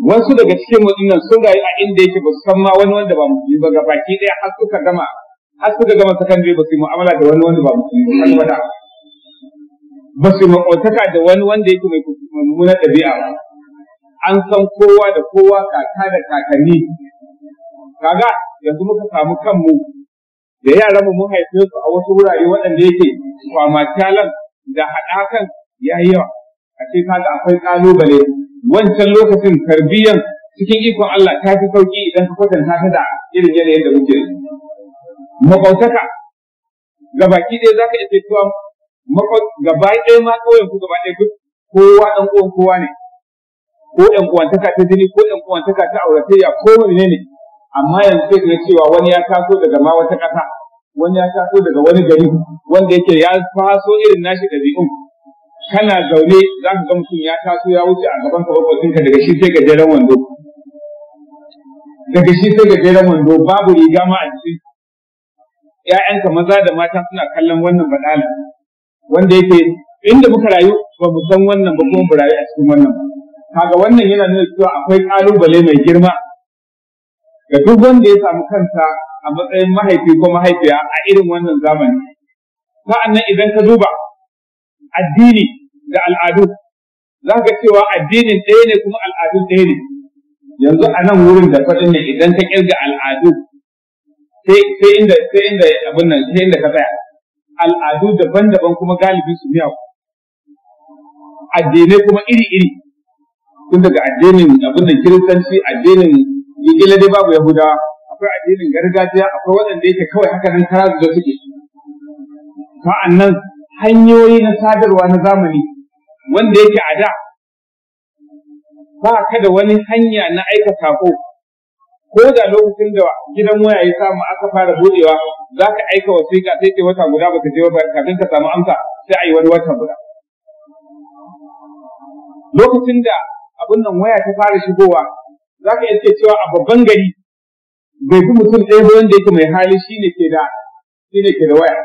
wasu daga cikin waɗannan sun rayu a inda yake ba su san ma wani wanda ba mu yi ba baki ɗaya har suka gama har suka gama sakandare ba su yi mu'amala da wani wanda ba yi ba ba su yi maƙotaka da wani wanda yake mai mummunar ɗabi'a ba an san kowa da kowa kaka da kakanni kaga yanzu muka samu kanmu da yaran mu mun haife su a wasu wurare waɗanda yake kwamatalan da haɗakan ya yi yawa a ce da akwai ƙalubale wancan lokacin tarbiyyan cikin ikon Allah ta fi sauki idan ka kwatanta ta da irin yanayin da muke makautaka ga baki ɗaya zaka iya cewa gaba ɗaya ma ƙauyen ku gaba ɗaya duk kowa ɗan uwan kowa ne ko ɗan ta jini ko ɗan ta auratayya ko wani ne amma yanzu zai ga cewa wani ya taso daga ma wata ƙasa wani ya taso daga wani gari wanda yake ya faso irin nashi ɗabi'un kana zaune za ka ga mutum ya taso ya wuce a gaban ka daga shi sai gajeren wando daga shi sai gajeren wando babu riga ma a jikin ‘ya'yanka maza da mata suna kallon wannan baɗala wanda yake inda muka rayu ba mu san wannan ba kuma mu rayu a cikin wannan ba kaga wannan yana nuna cewa akwai ƙalubale mai girma ga duk wanda ya samu kansa a matsayin mahaifi ko mahaifiya a irin wannan zamani Sa'an nan idan ka duba addini da al'adu za ka cewa addinin ɗaya ne kuma al'adun ɗaya ne yanzu a nan wurin da faɗin ne idan ka kirga al'adu sai inda sai inda abin nan sai inda ka tsaya al'adu daban-daban kuma galibi su miyau addinai kuma iri-iri tun daga addinin abin da kiristanci addinin yake dai babu yahudawa akwai addinin gargajiya akwai waɗanda yake kawai haka nan tara da suke sa'an nan hanyoyi na sadarwa na zamani wanda yake a da ba ka da wani hanya na aika sako ko da lokacin da gidan waya ya samu aka fara budewa za ka aika wasiƙa sai ce wata guda baka je ba kafin ka samu amsa sai a yi wani wata guda lokacin da abin nan waya ta fara shigowa za ka iya cewa a babban gari bai fi mutum ɗaya ba wanda yake mai hali shi ne ke da shi ne ke da waya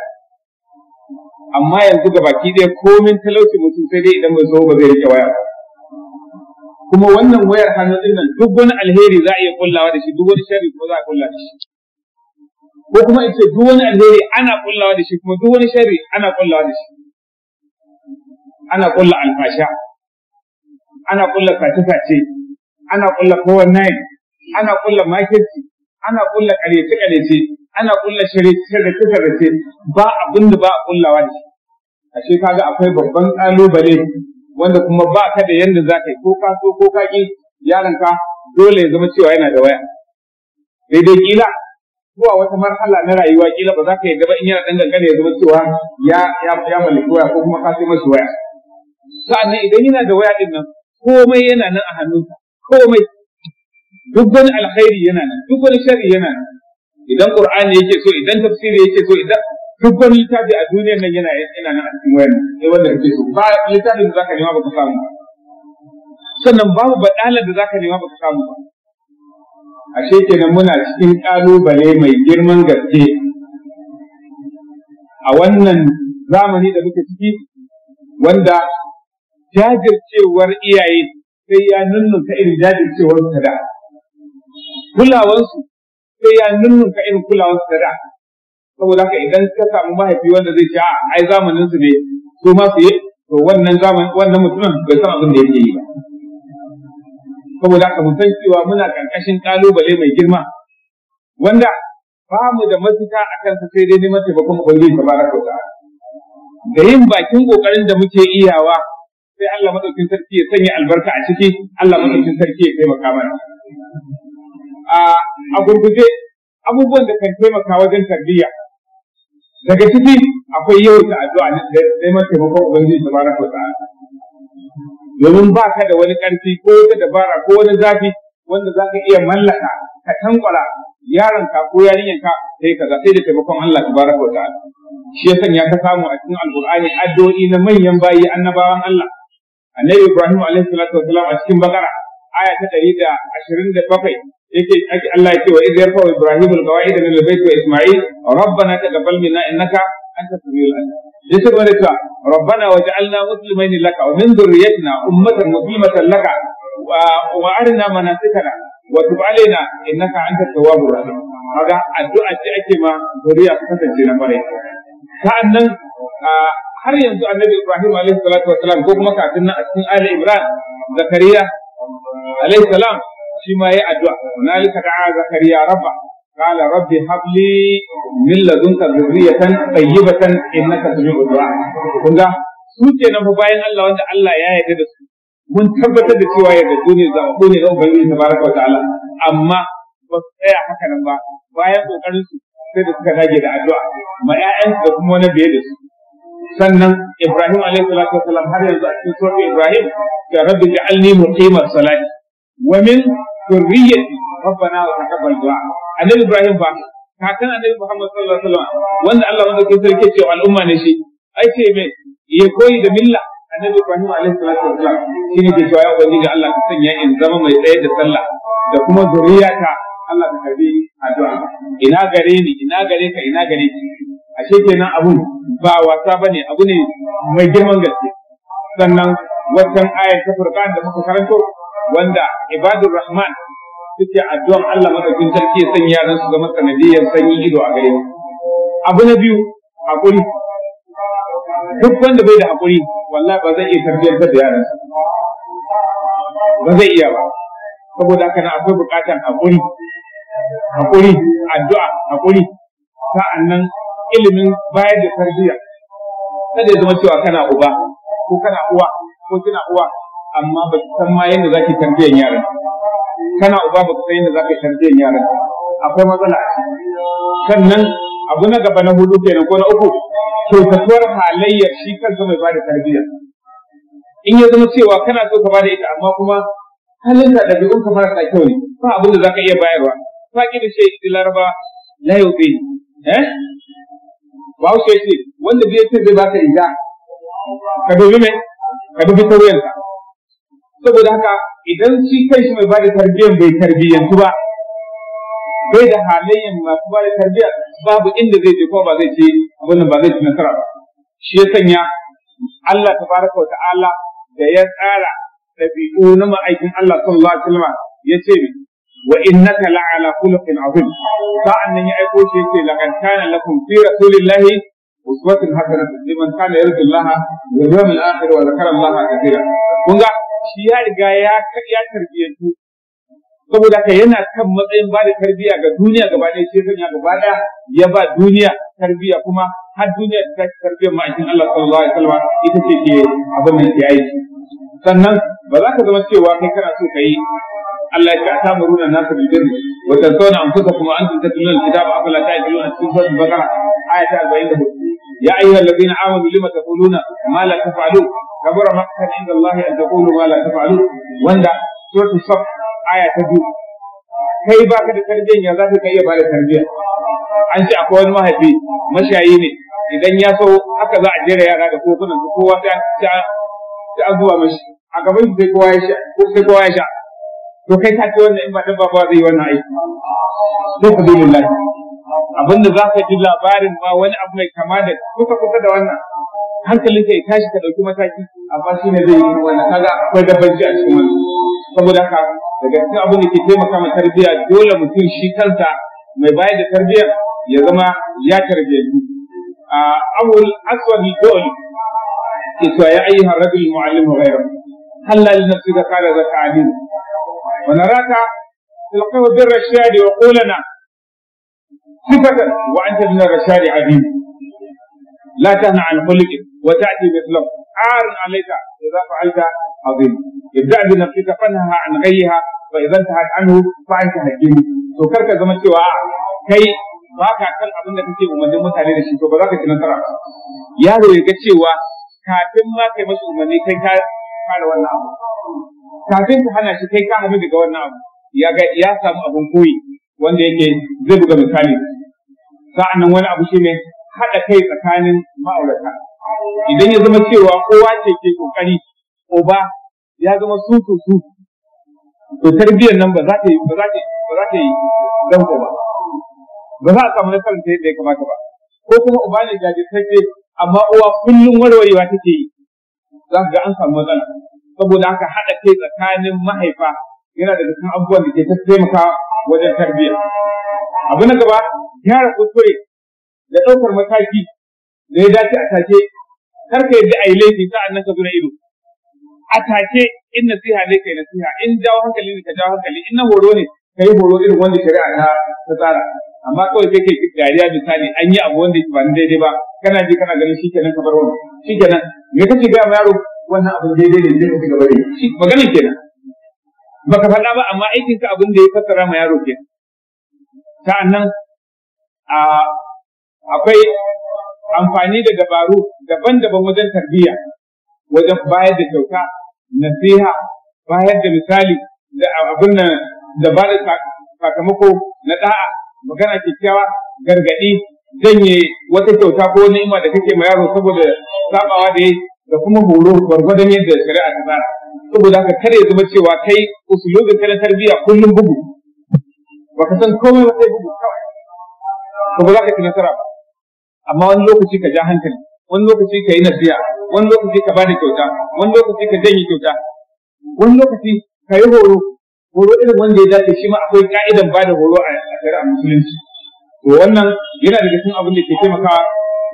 amma yanzu ga baki ɗaya komin talauci mutum sai dai idan bai zo ba zai rike waya kuma wannan wayar hannu ɗin nan duk wani alheri za a iya kullawa da shi duk wani sharri kuma za a kulla da shi ko kuma in ce duk wani alheri ana kullawa da shi kuma duk wani sharri ana kullawa da shi ana kulla alfasha ana kulla kace-kace ana kulla kowanne ana kulla makirci ana kulla karyace karyace ana kulla shirye shirye ba abin da ba a kullawa da shi ashe kaga akwai babban kalubale wanda kuma ba ka da yadda za ka yi ko ka so ko ka ki yaronka dole ya zama cewa yana da waya Daidai dai kila zuwa wata marhala na rayuwa kila ba za ka yadda ba in yana dangane ya zama cewa ya ya mallaki waya ko kuma ka sai masa waya sa'annan idan yana da waya din nan komai yana nan a hannunsa komai duk wani alkhairi yana nan duk wani sharri yana nan idan qur'ani yake so idan tafsiri yake so idan duk wani littafi a duniyar nan yana yana nan a cikin wayar sai wanda kake so ba littafin da zaka nema baka samu sannan babu badalar da zaka nema baka samu ba ashe kenan muna cikin kalubale mai girman gaske a wannan zamani da muke ciki wanda jajircewar iyaye sai ya nunnunka irin jajircewar ka da kulawansu sai ya ka irin kulawansu ta da saboda haka idan ka samu mahaifi wanda zai ce a ai zamanin su ne su ma su yi to wannan zaman wannan mutumin bai san abin da yake yi ba saboda haka mu san cewa muna karkashin kalubale mai girma wanda ba mu da mafita a kansa sai dai neman taimakon ubangiji ta wa ta'ala da yin bakin kokarin da muke iyawa sai Allah madaukin sarki ya sanya albarka a ciki Allah madaukin sarki ya taimaka mana a gurguje abubuwan da kan taimaka wajen tarbiyya daga ciki akwai ta addu'a da neman taimakon ubangiji tabaraka wa ta'ala domin ba ka da wani ƙarfi ko wata dabara ko wani zafi wanda za ka iya mallaka ka yaron ka ko yarinyanka sai kaza sai da taimakon Allah tabaraka wa ta'ala shi ya sanya ka samu a cikin alqur'ani addu'o'i na manyan bayi annabawan Allah annabi ibrahim alaihi salatu wasalam a cikin bakara aya ta ɗari da ashirin da bakwai yake ake Allah ya ce wa idh yarfa ibrahim alqawaid min albayt wa isma'il rabbana taqabbal minna innaka anta samiul alim yace bare ka rabbana waj'alna muslimaini laka wa min dhurriyyatina ummatan muslimatan laka wa arina manasikana wa tub alaina innaka anta tawwabur rahim kaga addu'a ce ake ma zuriya ta kasance na bare sa'annan har yanzu annabi Ibrahim alaihi salatu wasalam ko kuma kafin nan a cikin Ali Imran Zakariya alaihi salam shi ma yayi addu'a nalika da Zakariya rabba qala rabbi habli min ladunka dhurriyatan tayyibatan innaka sami'ud du'a kun ga su kenan fa bayan Allah wanda Allah ya yarda da su mun tabbatar da cewa yarda su ne zaɓu ne ga Ubangiji tabaraka wa ta'ala amma ba su tsaya haka nan ba bayan kokarin su sai da suka dage da addu'a ma ƴaƴansu da kuma wani biye da su sannan Ibrahim alaihi salatu wasalam har yanzu a cikin surat Ibrahim ga rabbi ja'alni muqimas salati wa min dhurriyyati rabbana wa taqabbal du'a annabi Ibrahim ba kakan annabi Muhammad sallallahu alaihi wasallam wanda Allah wanda ke sarki ce al'umma ne shi ai ce me ya koyi da milla annabi Ibrahim alaihi salatu wasalam shi ne ke cewa ya ubangiji Allah ka sanya in zama mai tsaye da sallah da kuma zuriyata Allah ka karbi addu'a ina gare ni ina gare ka ina gare ki ashe kenan abun ba wasa ba ne abu ne mai girman gaske sannan wancan ayar ta furqan da muka karanto wanda ibadur rahman suke addu'an Allah madaukin sarki ya sanya yaran su zama sanadiyyar sanyi ido a gare mu abu na biyu hakuri duk wanda bai da hakuri wallahi ba zai iya tarbiyyar da yaran ba zai iya ba saboda haka na akwai bukatar hakuri hakuri addu'a hakuri sa'annan ilimin bayar da tarbiyya kada ya zama cewa kana uba ko kana uwa ko kina uwa amma ba san ma yadda zaki tarbiyyar yaran kana uba ba san yadda zaki tarbiyyar yaran akwai matsala sannan abu na gaba na hudu kenan ko na uku kyautatuwar halayyar shi kansa mai bada tarbiyya in ya zama cewa kana so ka bada ita amma kuma halin da ɗabi'un ka marasa kyau ne ba abin da zaka iya bayarwa faƙi da shi laraba la yau eh ba ya ce wanda zai ce zai baka ija ka dubi me? ka dubi tauyanka saboda haka idan shi kai shi mai bada tarbiyyar bai tarbiyyantu ba bai da halayyan masu bada tarbiyya babu inda zai je kuma ba zai ce wannan ba zai ci nasara ba shi ya sanya Allah tabaraka wa ta'ala da ya tsara ɗabi'u na ma'aikin Allah sallallahu alaihi wasallam ya ce wa innaka la'ala khuluqin azim sa'an nan ya aiko shi yake laqad kana lakum fi rasulillahi uswatun hasanatun liman kana yarju Allah wal yawmil akhir wa zakara Allah kathira kun ga shi ya riga ya ya tarbiyyatu saboda ka yana kan matsayin ba da tarbiyya ga duniya gaba ɗaya shi sanya gaba ɗaya ya ba duniya tarbiyya kuma har duniya ta tashi tarbiyyar ma'aikin Allah sallallahu alaihi wasallam ita ce ke abin da ya sannan ba za ka zama cewa kai kana so ka yi Allah ya ta muruna nasu bil birri wa tansawna anfusakum wa antum tatluna al-kitaba afala ta'qiluna cikin suratul baqara aya ta 44 ya ayyuhal ladina amanu lima taquluna ma la taf'alun kabura maqtan inda Allah an taqulu ma la taf'alun wanda suratul saf aya ta biyu. kai baka da tarbiyya za ka iya bada tarbiyya an ce akwai wani mahaifi mashayi ne idan ya so haka za a jera yara da kofunan kowa sai an zuba mashi a gaban sai kowa ya sha to kai ka ce wannan in ba dabba ba zai wannan aiki sai ka zai lillahi abinda za ka ji labarin ma wani abu mai kama da kusa kusa da wannan hankalin ka ya tashi ka ɗauki mataki amma shi ne zai yi wannan kaga akwai dabbanci a cikin wannan saboda haka daga cikin abin da ke taimaka ma tarbiyya dole mutum shi kansa mai bayar da tarbiyyar ya zama ya A tarbiyyantu أبو الأسود الدولي يسوى يا أيها الرجل المعلم غيره هلا لنفسك قال ذاك عليم ونراك تلقيه بر الرشاد وقولنا صفة وأنت من الرشاد عديم لا تهنى عن خلقك وتأتي مثله عار عليك إذا فعلت عظيم ابدأ بنفسك فانهها عن غيها فإذا انتهت عنه فأنت هجيم to kar ka zama cewa kai ba ka san abin da kake umarnin mutane da shi to ba za ka ci nasara yaro ya ga cewa kafin ma kai masa umarni kai ka fara wannan abu kafin ka hana shi kai ka hannu daga wannan abu ya ga ya samu abun koyi wanda yake zai buga misali nan wani abu ne haɗa kai tsakanin ma'aurata idan ya zama cewa kowa ce ke kokari oba ya zama su su su to tarbiyyar nan ba za ta yi ba za ta ba za ta yi dan ba ba za a samu nasarar ta yadda ya kamata ba ko kuma uba ne jajirtacce amma uwa kullum warwarewa take yi za ka ga an samu matsala saboda haka haɗa kai tsakanin mahaifa yana da cikin abubuwan da ke ta taimaka wajen tarbiyya abu na gaba gyara kuskure da ɗaukar mataki da ya dace a take kar ka yadda a yi laifi sa'an nan ka zuna ido a take in nasiha ne kai nasiha in jawo hankali ne ka jawo hankali in na horo ne ka yi horo irin wanda shari'a ta ta tsara amma kawai sai kai dariya misali an yi abu wanda ba daidai ba kana ji kana ganin shikenan ka bar Shi shikenan me kake gaya ma yaro wannan abin daidai ne sai ka shi maganar kenan baka faɗa ba amma aikin ka abin da ya fassara ma yaro kenan sa'annan a akwai amfani da dabaru daban-daban wajen tarbiyya wajen bayar da kyauta nasiha bayar da misali da abin nan da ba da sakamako na da'a magana kyakkyawa gargaɗi yi wata kyauta ko ni'ima da kake ma yaro saboda sabawa da yayi da kuma horo gwargwadon yadda shari'a ta tsara saboda haka kada ya zama cewa kai usulogin ka na tarbiyya kullum bugu baka san komai ba sai bugu kawai to ba za ka ci nasara ba amma wani lokaci ka ja hankali wani lokaci ka yi nasiya wani lokaci ka bada kyauta wani lokaci ka janye kyauta wani lokaci ka yi horo horo irin wanda ya dace shi ma akwai ka'idan bada horo a shari'a musulunci to wannan yana daga cikin abin da ke taimakawa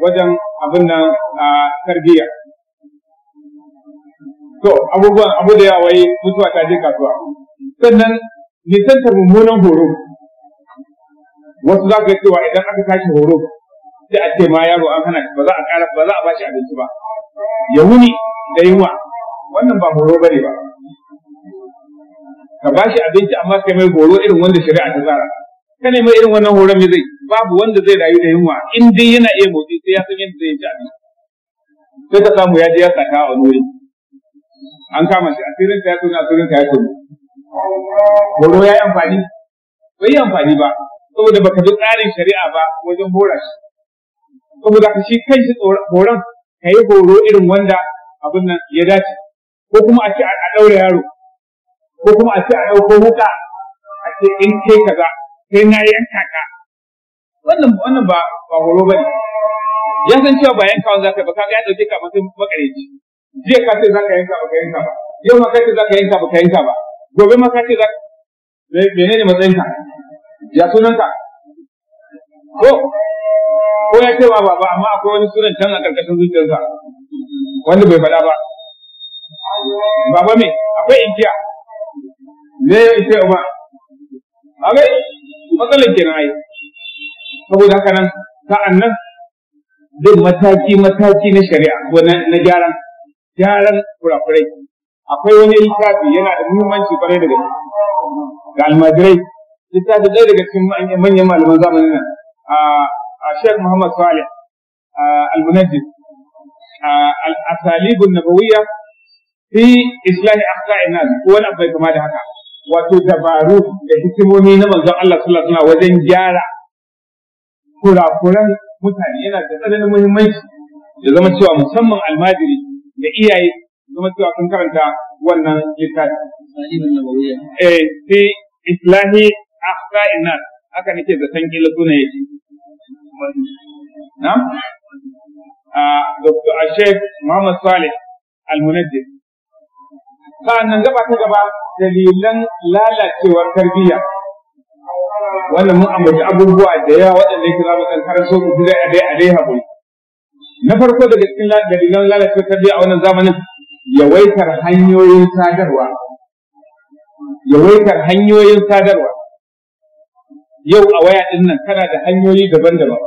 wajen abin nan a tarbiyya to abubuwan abu da yawa yi mutuwa ta je kasuwa sannan nisanta mummunan horo wasu za ka yi cewa idan aka tashi horo sai a ce ma yaro an hana ba za a ƙara ba za a bashi abinci ba ya wuni da yunwa wannan ba horo bane ba ka bashi abinci amma kai mai horo irin wanda shari'a ta tsara ka nemi irin wannan horon me zai babu wanda zai rayu da yunwa in dai yana iya motsi sai ya san yadda zai ci abinci sai ka samu ya je ya saka a wani wuri an kama shi tsirin ta ya tona tsirin ta ya tona horo ya yi amfani bai yi amfani ba saboda baka bi tsarin shari'a ba wajen hora shi saboda ka shi shi horon ka yi horo irin wanda abin nan ya dace ko kuma a ce a ɗaure yaro ko kuma a ce a ɗauko wuka a ce in kai kaza sai na yanka ka wannan wannan ba ba horo bane ya san cewa ba yankawan zaka ba kaga ya dauke ka sai makareci jiya ka ce za ka yanka ba ka yanka ba yau ma ka ce za ka yanka ba ka yanka ba gobe ma ka ce za ka menene matsayinka ya sunanka ko ko ya ce ba ba amma akwai wani sunan can a karkashin zuciyarsa wanda bai faɗa ba baba me akwai inkiya me ya ce ba abai matsalar kenan ai saboda haka nan sa'an nan duk mataki mataki na shari'a ko na gyaran gyaran kurakurai akwai wani littafi yana da muhimmanci kwarai daga gaske ga almajirai littafi ɗaya daga cikin manyan malaman zamanin nan a Sheikh Muhammad Salih al-Munajjid nabawiyya fi islahi akhlaqin nas ko wani abu kama da haka wato dabaru da hikimomi na manzon Allah sallallahu alaihi wajen gyara kurakuran mutane yana da tsananin muhimmanci ya zama cewa musamman almajiri da iyaye zama cewa sun karanta wannan littafi. Eh, sai islahi afka ina haka nake zaton kila suna ya ce. Na? A ah, Dr. Ashef Muhammad Saleh Al-Munajjir. Sa'annan gaba ta gaba dalilan lalacewar tarbiyya. Wannan mun ambaci abubuwa da yawa waɗanda kira za mu kan karanto mu ji a dai a dai na farko daga cikin dalilan lalacewa tarbiyya a wannan zamanin yawaitar hanyoyin sadarwa yawaitar hanyoyin sadarwa yau a waya din nan tana da hanyoyi daban-daban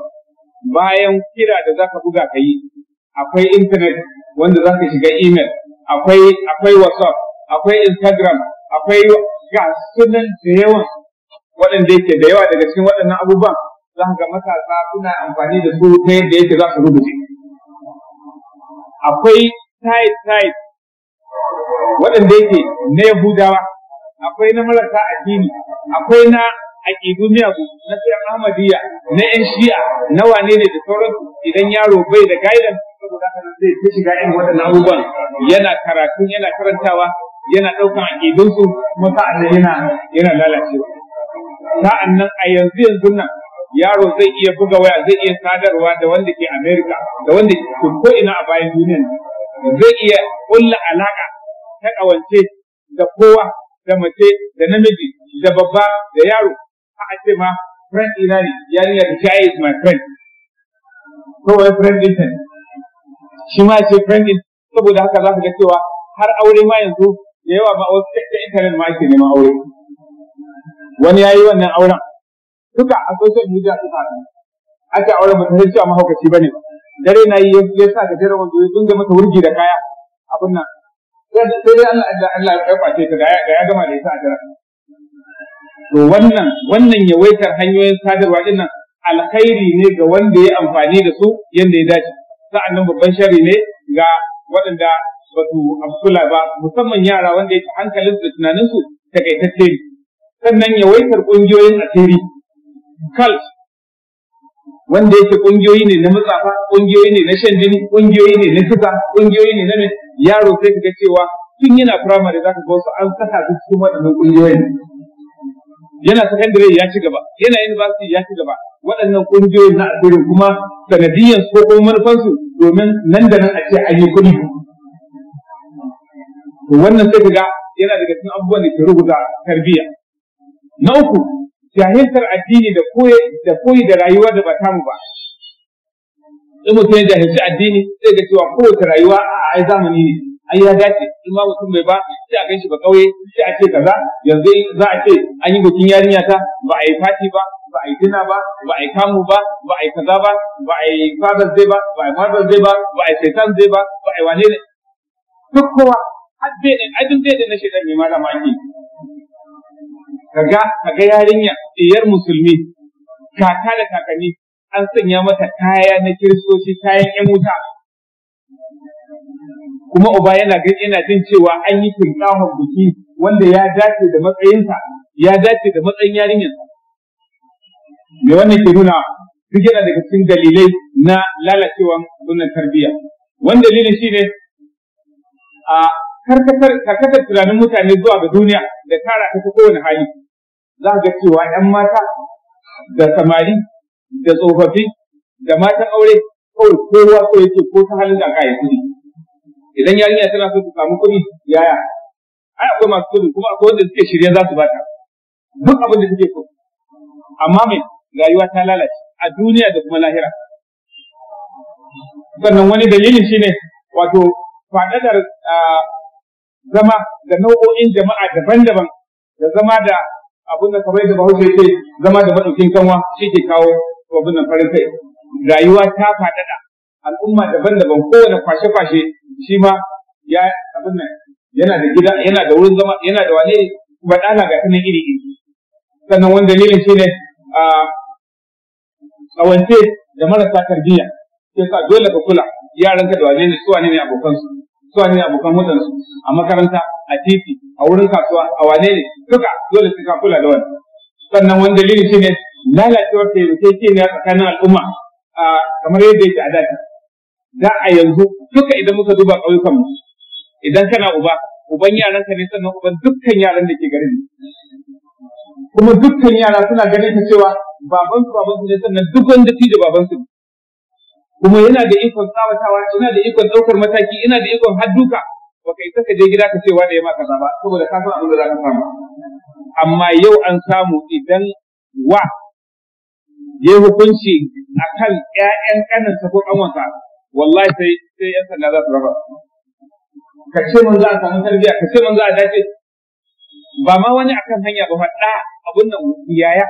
bayan kira da za ka buga ka yi akwai intanet wanda za ka shiga email akwai akwai whatsapp akwai instagram akwai ga sunan da yawa waɗanda yake da yawa daga cikin waɗannan abubuwan za ga matasa suna amfani da su ta yadda yake za su rubuce akwai tight-tight waɗanda yake na yahudawa akwai na marasa addini akwai na aƙidu miyagu na sayan ahmadiyya na yan shi'a na wane ne da sauransu idan yaro bai da gaidan saboda haka zai ta shiga irin waɗannan abubuwan yana karatu yana karantawa yana ɗaukan aƙidunsu kuma sa'an nan yana yana lalacewa sa'an nan a yanzu yanzu nan yaro zai iya buga waya zai iya sadarwa da wanda ke Amerika da wanda ke ko ina a bayan duniyan zai iya kulla alaka ta kawance da kowa da mace da namiji da babba da yaro a ce ma friend ina ne yani ya shi is my friend ko wai friend din shi ma ce friend din saboda haka za ka ga cewa har aure ma yanzu da yawa ba wasu ta internet ma ake neman aure wani ya yi wannan auren duka a social media suka haɗu aka aure mutum sai cewa mahaukaci ba ne dare na yi ya sa ka jira wanda ya dinga mata wurgi da kaya abin nan sai dai Allah Allah ya kwace ta ga ya gama da sa a jira to wannan wannan yawaitar hanyoyin sadarwa din nan alkhairi ne ga wanda ya amfani da su yanda ya dace sa'annan babban sharri ne ga waɗanda ba su amsula ba musamman yara wanda ya hankalin hankalinsu da tunaninsu takaitacce ne sannan yawaitar ƙungiyoyin asiri cult wanda yake kungiyoyi ne na matsafa kungiyoyi ne na shan jini kungiyoyi ne na kisa kungiyoyi ne na mai yaro sai ka ga cewa tun yana primary zaka ga wasu an saka su cikin waɗannan kungiyoyin yana secondary ya ci gaba yana university ya ci gaba waɗannan kungiyoyin na asirin kuma sanadiyyar ko kuma manufansu domin nan da nan a ce an yi kuɗi wannan sai ka ga yana daga cikin abubuwan da ke rubuta tarbiyya na uku jahiltar addini da koyi da koyi da rayuwa da ba mu ba in mutum ya jahilci addini zai ga cewa kowace rayuwa a ai zamani ne an ya dace in ma mutum bai ba sai a kai shi ba kauye sai a ce kaza yanzu za a ce an yi bikin yarinya ta ba a yi fati ba ba a yi dina ba ba a kamu ba ba a yi kaza ba ba a yi zai ba ba a yi zai ba ba a yi satan zai ba ba a yi wane ne duk kowa har dai na shaitan ne ma da ake kaga kaga yarinya diyar musulmi kaka da kakanni an sanya mata kaya na kiristoci kayan yan wuta kuma uba yana gani yana jin cewa an yi kinkahon biki wanda ya dace da matsayinsa ya dace da matsayin yarinyarsa me wannan ke nuna duk yana daga cikin dalilai na lalacewan wannan tarbiyya wani dalili shine a karkatar tunanin mutane zuwa ga duniya da tara ta ta kowane hali za ga cewa ‘yan mata da samari da tsofaffi da matan aure kawai kowa ko yake ko ta halin da ka yi kuɗi idan yarinya tana so su samu kuɗi yaya ai akwai masu kuɗi kuma akwai wanda suke shirye za su ba ta, duk abin da suke so amma mai rayuwa ta lalace a duniya da kuma lahira sannan wani dalilin shine wato faɗaɗar ah, zama da nau'o'in jama'a daban-daban da zama da abin da kamar da bahaushe sai zama da maɗaukin kanwa shi ke kawo abin nan farin kai rayuwa ta faɗaɗa al'umma daban-daban kowane kwashe-kwashe shi ma ya abin nan yana da gida yana da wurin zama yana da wane kuma ga sanin iri iri sannan wani dalilin ne a tsawance da marasa tarbiyya sai sa dole ka kula yaranka da wane ne su wane ne abokansu su ne abokan hudansu a makaranta a titi a wurin kasuwa a wane ne duka dole su ka kula da wani. sannan wani dalili shine lalacewar taimakekeniya tsakanin al'umma kamar yadda yake a daji da a yanzu duka idan muka duba ƙauyukan mu idan kana uba uban yaran ka ne sannan uban dukkan yaran da ke garin kuma dukkan yara suna ganin ta cewa baban su baban su ne sannan duk wanda da baban su kuma yana da ikon tsawatawa ina da ikon ɗaukar mataki ina da ikon hadduka ba kai ka je gida ka ce da ya maka kaza ba saboda ka san abin da za ka samu amma yau an samu idan wa ya hukunci akan kan ‘ya'yan ƙanansa ko ƙanwansa wallahi sai sai ƴan sanda za su raba ka ce mun za a samu tarbiyya ka ce mun za a dace ba ma wani akan hanya ba faɗa abin nan yaya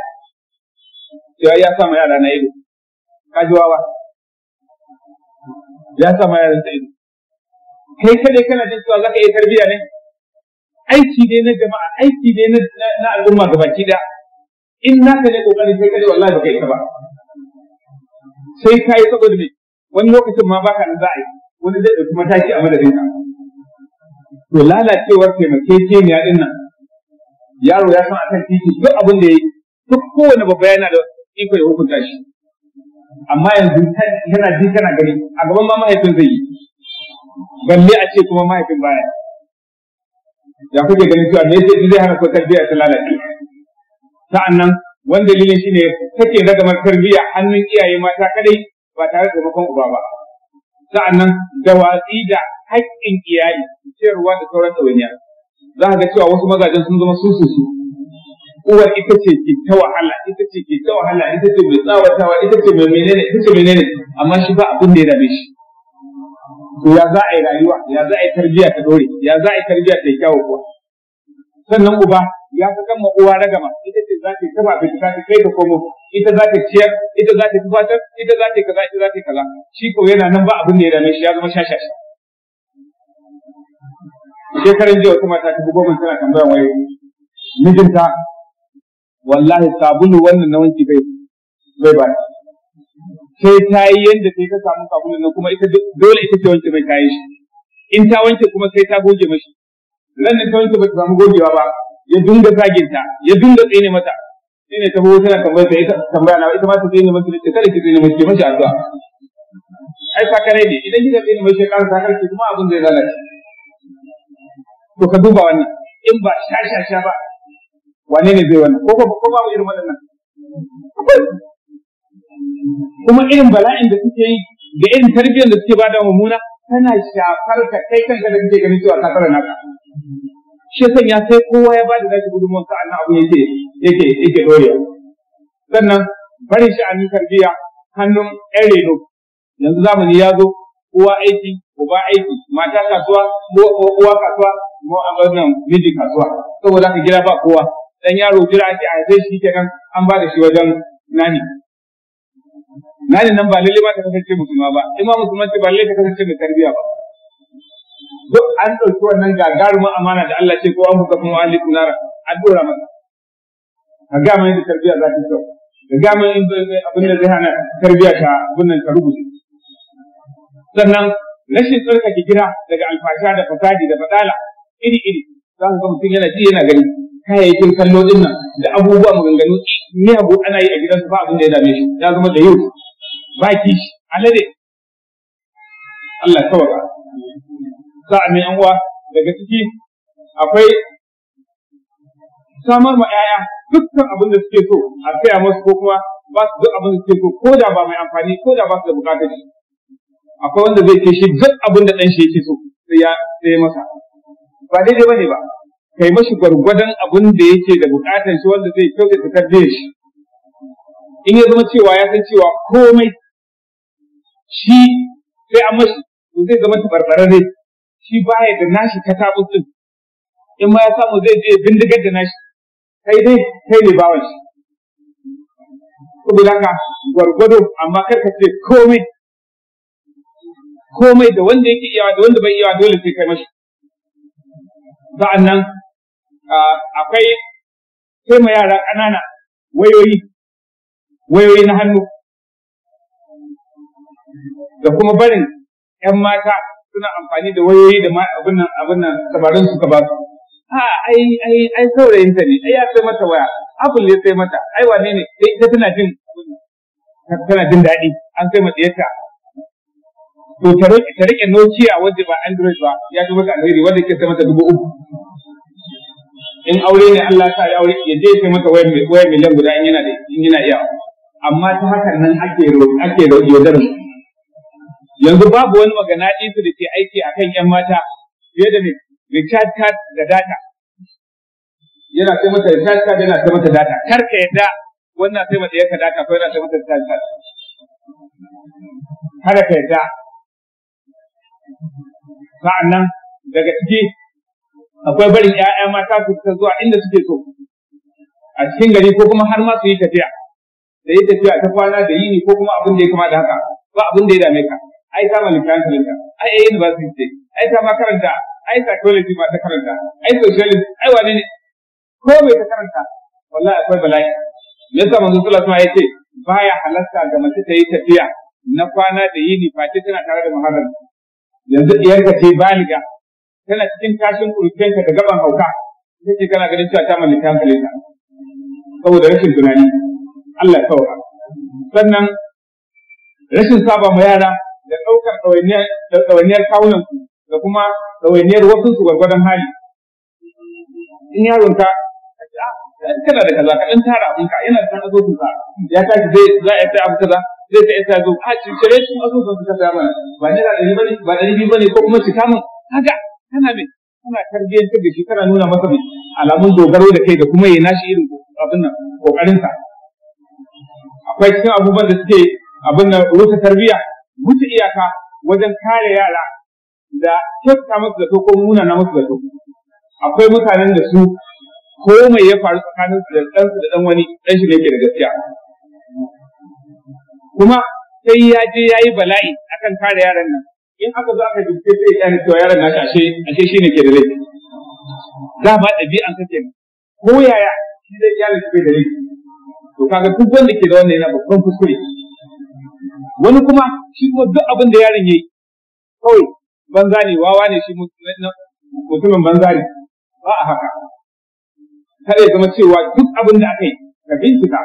ya sa ma yara na ido ka ji wawa ya sa ma yaran ido kai kada kana jin cewa ka iya tarbiyya ne aiki ne na jama'a aiki ne na al'umma baki daya in na ka ne kokarin kai kada wallahi ba ka yi ba sai ka yi saboda me wani lokacin ma baka nan za a yi wani zai ɗauki mataki a madadin ka to lalacewar ne din nan yaro ya san akan titi duk abin da ya yi duk kowane babba yana da ikon ya hukunta shi amma yanzu yana ji kana gani a gaban ma mahaifin zai yi balle a ce kuma mahaifin baya ya kuke ganin cewa me yake zai hana ko tarbiyya ta lalace sa'annan wani dalilin shine take ragamar tarbiyya hannun iyaye mata kadai ba tare da taimakon uba ba sa'annan da watsi da haƙƙin iyaye, ciyarwa da sauran ɗawainiya za a ga cewa wasu mazajen sun zama su su uwar ita ce ke ta wahala ita ce ke ta wahala ita ce mai tsawatawa ita ce mai menene ita ce menene amma shi ba abin da ya dame shi to ya za a yi rayuwa ya za a yi tarbiyya ta dore ya za a yi tarbiyya ta kyawu kuwa sannan uba ya fi kan uwa ragama ita ce za ta yi taba bai ta kai ka komo ita za ta ciyar ita za ta tufatar ita za ta kaza ita za ta kaza shi ko yana nan ba abin da ya dame shi ya zama shashashi shekaran jiya wata mata ta bugo mun tana tambayan wayo mijinta wallahi sabulu wannan na wanki bai bai ba sai ta yi yadda sai ta samu sabulu na kuma ita dole ita ce wanke mai kayi shi in ta wanke kuma sai ta goge mashi ran ta wanke ba ta samu gogewa ba ya dinga zaginta ya dinga tsine mata sai ne ta hoto tana tambaya ta ita tambaya na ita ma ta tsine mata ta kada ki tsine mata mashi addu'a ai fa kare ne idan kika tsine mace kan ta karki kuma abin zai lalace to ka duba wannan in ba shashasha ba wane ne zai wannan ko ko ba irin wannan kuma irin bala'in da suke yi da irin tarbiyyar da suke ba bada mummuna tana shafar ka kai kanka da kake ganin cewa ka tsara naka shi ya sai kowa ya bada nashi gudunmuwan sa annabi abu yake yake yake doriya sannan barin sha'anin tarbiyya hannun ɗan reno yanzu zamani ya zo uwa aiki uba aiki mata kasuwa uwa kasuwa mu a wannan miji kasuwa saboda ka gida ba kowa dan yaro jira ake a haife shi kenan an ba da shi wajen nani nani nan ba lalle ma ta kasance musulma ba in ma musulma ce ba lalle ta kasance mai tarbiyya ba duk an ɗauki wannan gagarumin amana da Allah ce ko an buka kuma an liku nara an dora masa ka ga mai da tarbiya za ta kyau ka ga mai abin da zai hana tarbiya ta abin ta rubuce sannan rashin tsarkake gida daga alfasha da fasadi da fadala iri iri za ka ga mutum yana ji yana gani kayayyakin kallo din nan da abubuwa maganganu ni abu ana yi a gidansa ba abin da ya dame shi ya zama da yau ba shi alade Allah tawaka a mai uwa daga ciki akwai samar ma 'ya'ya dukkan abin da suke so a saya musu ko kuma ba su duk abin da suke so ko da ba mai amfani ko da ba su da bukatar shi akwai wanda zai ke shi duk abin da ɗan shi yake so sai ya sai masa ba daidai ne ba kai mashi gwargwadon abin da yake da bukatar shi wanda zai kyau kyautata tarbiyyar shi in ya zama cewa ya san cewa komai shi sai an mashi to zai zama tabarbarare shi baya da nashi tabu din in ma ya samu zai je bindigar da nashi kai dai kai ne bawan shi saboda haka gwargwado amma kar ka ce komai komai da wanda yake iyawa da wanda bai iyawa dole sai kai mashi sa'an nan akwai sai ma yara ƙanana wayoyi wayoyi na hannu da kuma barin 'yan mata suna amfani da wayoyi da abin nan abin nan samarin suka ba su Ha, ai ai ai saurayinta ne ai ya sai mata waya abin ya sai mata ai wane ne sai ita tana jin daɗi an sai matsayarta to ta rike ta rike Nokia wanda ba Android ba ya ga maka alheri wanda ke mata dubu uku in aure ne Allah sa ya aure ya je sai mata wayar wayar miliyan guda in yana da in yana iya amma ta hakan nan ake ake yaudar yanzu babu wani magana su da ke aiki akan yan mata fiye da ne recharge card da data yana sai mata recharge card yana sai mata data kar ka yadda wannan sai mata yaka data ko yana sai mata recharge card kada ka yadda sa'annan daga ciki akwai barin ‘ya'ya mata su fita zuwa inda suke so a cikin gari ko kuma har ma su yi tafiya da yi tafiya ta kwana da yini ko kuma abin da ya kama da haka ba abin da ya dame ka ai ta ma littafin kalinka ai ai university ce ai ta ma karanta ai psychology ma ta karanta ai sociology ai wani ne ko mai ta karanta wallahi akwai bala'i me yasa manzo sallallahu alaihi wasallam ya ce baya halatta ga mace ta yi tafiya na kwana da yini face tana tare da muharram yanzu ɗiyarka ce baliga tana cikin tashin kurkenta da gaban hauka ita ce kana ganin cewa ta mallaki hankalinka saboda rashin tunani Allah ya sauka sannan rashin saba ma yara da ɗaukar ɗawainiyar kawunansu da kuma ɗawainiyar wasu su gwargwadon hali in yaronka ah, kana da kaza ka ɗan tara abinka yana da tana zo ya tashi zai za a yi abu kaza zai ta isa zo a ah, cire su asusun suka saya mana ba naira ɗari bane ba ɗari bane ko kuma cika min haka kana mai kana tarbiyyar ta da shi kana nuna masa mai alamun dogaro da kai da kuma ya nashi irin abin nan kokarinsa akwai cikin abubuwan da suke abin nan rusa tarbiyya wuce iyaka wajen kare yara da kyauta masu zato ko nuna na masu zato akwai mutanen da su ko mai ya faru tsakanin su da ɗansu da ɗan wani ɗan shi ne ke da gaskiya kuma sai ya je ya yi bala'i akan kare yaran nan in aka zo aka bincike sai ya cewa yaran nan ashe ashe ne ke da laifi da ba ɗabi'an kake ko yaya shi zai yaran laifi bai da laifi to kaga duk wanda ke da wannan yana babban kuskure wani kuma shi kuma duk abin da yaron yayi kawai banza ne wawa ne shi mutumin banza ne ba a haka kada ya zama cewa duk abin da aka yi ka bincika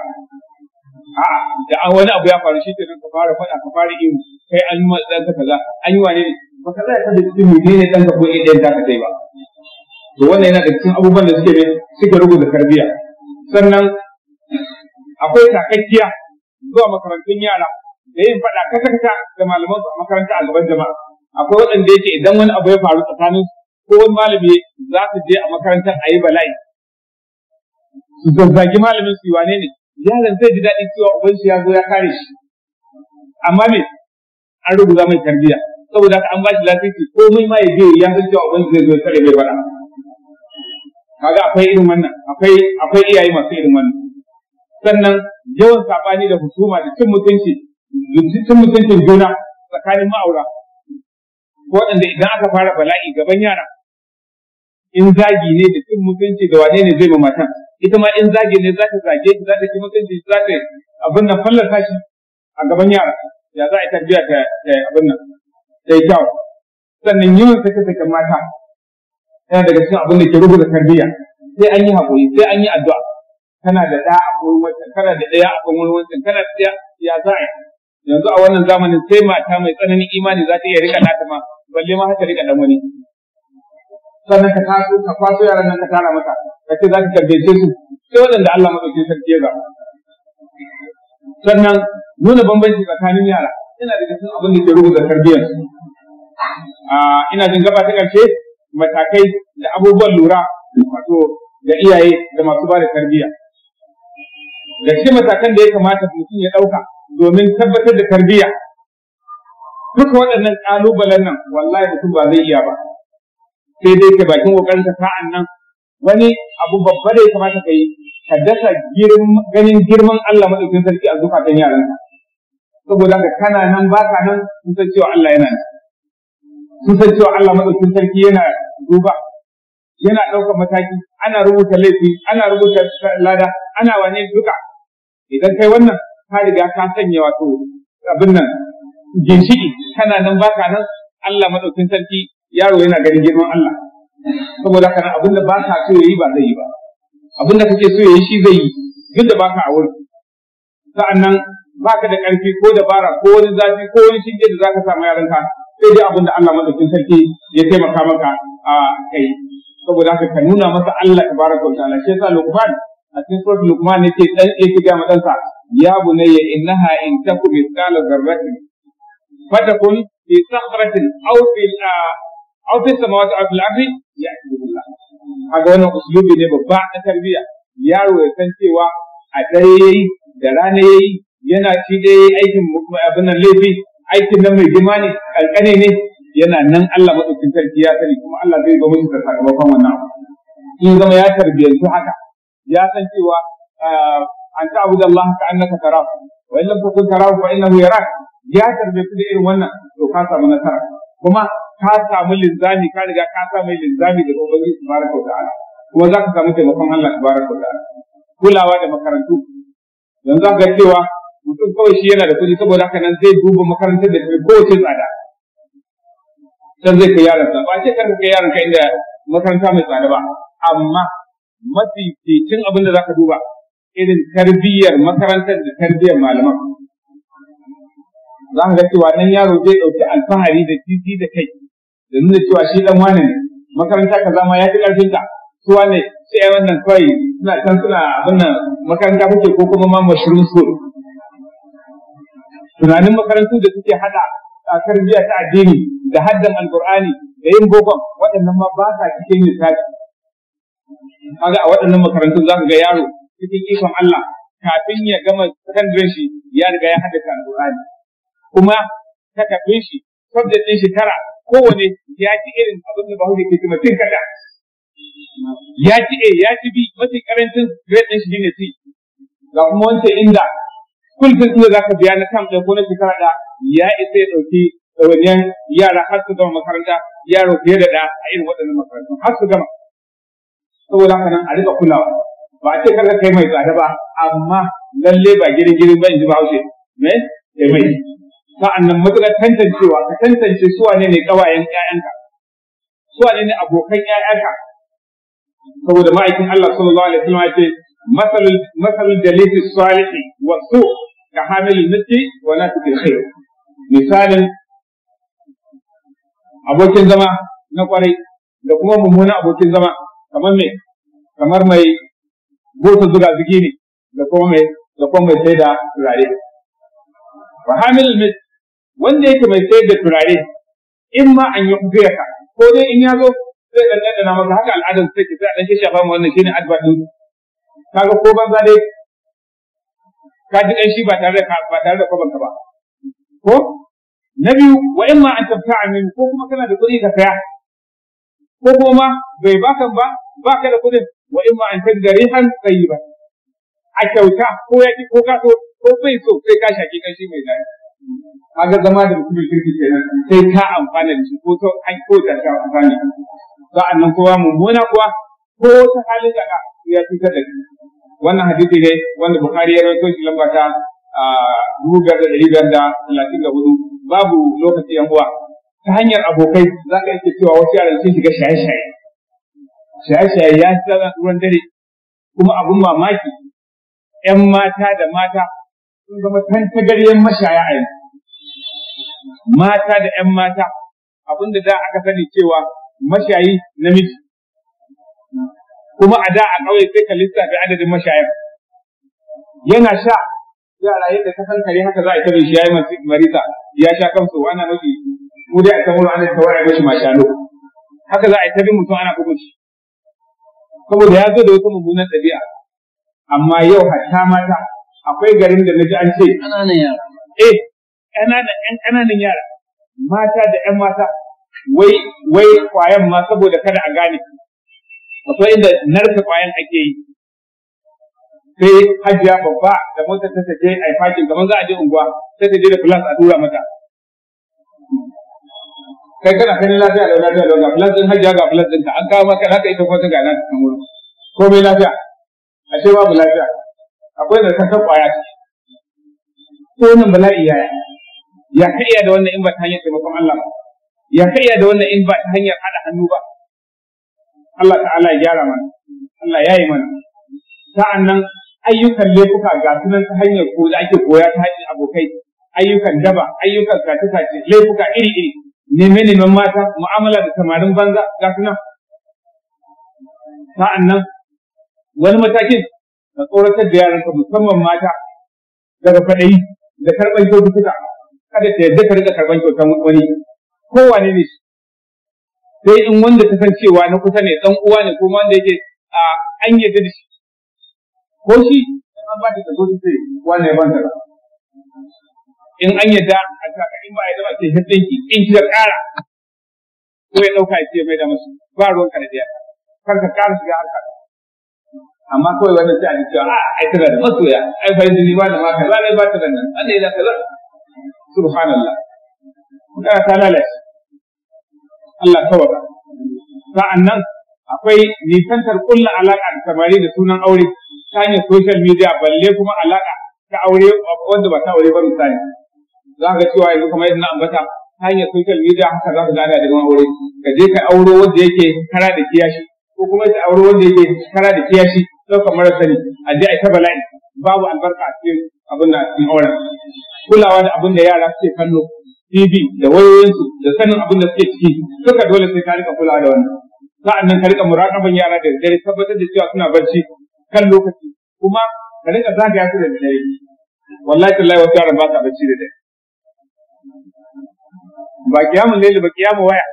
a'a da an wani abu ya faru shi kenan ka fara faɗa ka fara ihu kai an yi matsayin ka kaza an yi wane ne ba ka zai kada cikin mu ne ɗan ka ko ɗaya ɗayan taka kai ba to wannan yana da cikin abubuwan da suke ne suke rubuta tarbiyya sannan akwai takakkiya zuwa makarantun yara da yin faɗa kasa kasa da malaman su a makaranta a gaban jama'a akwai waɗanda yake idan wani abu ya faru tsakanin ko wani malami za su je a makarantar a yi bala'i su zazzagi malamin su yi wane ne yaron zai ji daɗi cewa uban shi ya zo ya kare shi amma me an rubuta mai tarbiyya saboda haka an ba shi lafiya komai ma ya je ya san cewa uban zai zo ya kare mai bada kaga akwai irin wannan akwai akwai iyaye masu irin wannan sannan yawan sabani da husuma da cin mutunci cin mutuncin juna tsakanin ma'aura waɗanda idan aka fara bala'i gaban yara in zagi ne da cin mutunci da wane ne zai ma matan ita ma in zage ne za ta zage shi za ta ki mutunci za ta abin nan fallasa shi a gaban yara ya za a yi tarbiya ta abin nan ta yi kyau sannan yin sake-saken mata yana daga cikin abin da ke rubuta tarbiyya sai an yi haƙuri sai an yi addu'a kana da ɗaya a kan wancan kana da ɗaya a kan wancan kana da ɗaya ya za a yi yanzu a wannan zamanin sai mata mai tsananin imani za ta iya riƙa nata ma balle ma haka riƙa ɗan wani sannan ka taso ka kwaso yaran nan ka tara maka ka ce za ka karbe su sai waɗanda Allah madaukakin sarki ya sannan nuna bambanci tsakanin yara ina da cikin abin da ke rubuta tarbiyyar ina jin gaba ta ƙarshe matakai da abubuwan lura wato da iyaye da masu ba da tarbiyya da shi matakan da ya kamata mutum ya ɗauka domin tabbatar da tarbiyya duka waɗannan ƙalubalen nan wallahi mutum ba zai iya ba sai dai ka bakin kokarin ka sa'an nan wani abu babba da ya kamata ka yi ka dasa ganin girman Allah maɗaukin sarki a zukatan yaranka saboda ka kana nan ba ka nan sun san cewa Allah yana nan sun san cewa Allah maɗaukin sarki yana duba yana ɗaukar mataki ana rubuta laifi ana rubuta lada ana wane duka idan kai wannan ka riga ka sanya wato abin nan ginshiki kana nan ba ka nan Allah maɗaukin sarki yaro yana ganin girman Allah saboda kana abin da ba ka so yi ba zai yi ba abin da kake so ya yi shi zai yi duk da baka a wurin ba ka da ƙarfi ko dabara ko wani zafi ko wani shige da za ka samu yaranka sai dai abin da Allah madaukin sarki ya taimaka maka a kai saboda haka ka nuna masa Allah tabaraka wa ta'ala shi yasa Luqman a cikin suratul Luqman yace dan yake ga madansa ya bunayya innaha in takum tsala dharratin fatakun fi sakhratin aw fil aw fi samawati aw fil ardi ya'tihullah kaga wannan uslubi ne babba na tarbiyya yaro ya san cewa a dare yayi da rana yayi yana shi da yayi aikin abin nan laifi aikin nan mai girma ne kankane ne yana nan Allah madaukin sarki ya sani kuma Allah zai ga mishi da sakamakon wannan abu in zama ya tarbiyyantu haka ya san cewa ah, an ta'budu Allah ka annaka tarahu wa in lam takun tarahu fa innahu ya tarbiyyantu da irin wannan to ka samu nasara kuma ka samu linzami ka riga ka samu linzami daga ubangiji tabaraka wa ta'ala kuma za ka samu taimakon Allah tabaraka wa ta'ala kulawa da makarantu yanzu ga cewa mutum kawai shi yana da kuɗi saboda haka nan zai duba makarantar da kai kowace tsada can zai kai yaron sa ba ce kar ka kai yaron ka inda makaranta mai tsada ba amma mafi fitin abin da za ka duba irin tarbiyyar makarantar da tarbiyyar malaman za ka ga cewa nan yaro zai ɗauki alfahari da titi da kai da cewa shi dan wane ne makaranta kaza ma ya fi karfin ka su wane sai ya wannan kawai suna can suna abin nan makaranta kuke ko kuma ma mashirin su tunanin makarantu da suke haɗa a karbiya ta addini da haddan Alƙur'ani da yin bokon waɗannan ma ba sa cikin lissafi kaga a waɗannan makarantu za ka ga yaro cikin ikon Allah kafin ya gama sakandaren shi ya riga ya haddace Alƙur'ani. kuma kafin shi sabda ɗin shi kowane ya ci irin abin da bahaushe ke kuma cin kada ya ci A eh, ya ci B mafi karancin grade din shi ne C ga kuma wancan inda kulfin inda za ka biya na kam ɗaya ko na shekara da ya isa ya ɗauki ɗawainiyar yara har su gama makaranta yaro fiye da ɗaya a irin waɗannan makarantun har su gama saboda haka nan a riƙa kulawa ba a ce kar ka kai mai tsada ba amma lalle ba girin girin ba in ji bahaushe me kai mai sa'annan matuƙar tantancewa ka tantance su wane ne ƙawayen ƴaƴanka su wane ne abokan ƴaƴanka saboda ma'aikin Allah sallallahu alaihi wasallam ya ce masalul masalul jalisi salihi wa su ka hamil nuti wa la tukil khair misalin abokin zama na kwarai da kuma mummunan abokin zama kamar me kamar mai gosa zuga zugi ne da kuma mai da kuma mai sai da rare wa hamil nuti wanda yake mai sayar da turare in ma an yi kufiya ka ko dai in ya zo sai dan dan masa haka al'adar sai ki sai dan shafa mu wannan shine adba din kaga ko banza dai ka ji dan shi ba tare da ba tare da kwabanka ba ko na biyu wa in ma an tabta'a min ko kuma kana da kudi ka saya ko kuma bai baka ba baka da kuɗin wa in ma an tajda rihan tayyiba a kyauta ko ya ki ko ka so ko bai so sai ka shaki shi mai daɗi kaga zama da mutumin kirki kenan sai ka amfana da shi ko ta ai da ka amfana ba nan kowa mummuna kuwa ko ta halin da ya cutar da shi wannan hadisi ne wanda Bukhari ya rawaito shi lamba ta dubu biyar da ɗari biyar da talatin da hudu babu lokaci yan uwa ta hanyar abokai za ka iya cewa wasu yaran sun shiga shaye-shaye shaye-shaye ya shiga ruwan dare kuma abin mamaki ‘yan mata da mata sun zama yan mashaya a yanzu mata da ‘yan mata abinda da aka sani cewa mashayi namiji kuma a da a ƙauye sai ka lissafi adadin mashayan yana sha yara yadda ka san kare haka za a kare shi ya yayi marisa ya sha kansu ana mafi mu dai a samu ana tawaye mashi mashalo haka za a bin mutum ana bugun shi saboda ya zo da wata mummunan ɗabi'a amma yau hatta mata akwai garin da na ji an ce ƙananan yara eh ƙananan ƴan ƙananan yara mata da ƴan mata wai wai kwayan ma saboda kada a gane akwai inda narka kwayan ake yi sai hajiya babba da motar ta taje a yi fakin kamar za a je unguwa sai ta je da filas a tura mata kai kana kanin lafiya da lafiya da ga filas din hajiya ga filas din ta an kawo maka haka ita ko ta ga nan komai lafiya ashe babu lafiya akwai da kasar kwaya ko wannan bala'i ya ya ka iya da wannan in ba ta hanyar taimakon Allah ba ya ka iya da wannan in ba ta hanyar haɗa hannu ba Allah ta'ala ya gyara mana Allah ya yi mana sa'an nan ayyukan laifuka ga sunan ta hanyar ko da ake koya ta hanyar abokai ayyukan daba ayyukan kace-kace laifuka iri-iri neme neman mata mu'amala da samarin banza ga sunan sa'an nan wani matakin ka tsoratar da yaranka musamman mata daga faɗai da karɓar kyautuka kada ta yarda ka riƙa karɓar kyautan wani kowane ne shi sai in wanda ta san cewa na kusa ne ɗan uwa ne ko wanda yake a an yadda da shi ko shi an ba ta ka zo sai wani ya banta in an yadda a taka in ba a yarda ba sai ki in ki da ƙara ko ya ɗauka ya ce mai da masu ba ruwan ka da kar ka ƙara shiga harka amma kawai wannan sai a ji cewa ah, ai tana da masoya ai fa jini ba da maka Ba ne ba ta da nan wannan yana kaza subhanallah kuma ta lalace Allah tawaka sa'an nan akwai nisantar kullu alaka da samari da sunan aure ta hanyar social media balle kuma alaka ta aure wanda ba ta aure ba misali za ka cewa yanzu kamar yadda na ambata ta hanyar social media haka za ka gane da aure ka je ka auro wanda yake kara da kiyashi ko kuma ta auro wanda yake kara da kiyashi ɗaukar mara sani a je a bala'i babu albarka a cikin abin da cikin aure. kulawa da abin da yara suke kallo TV da wayoyinsu da sanin abin da suke ciki suka dole sai ka rika kulawa da wannan sa'an nan ka rika muraƙaban yara da dare tabbatar da cewa suna barci kan lokaci kuma ka rika zagaya su da dare wallahi tallahi wasu yaran ba sa barci da dare ba kiyamun laili ba kiyamun waya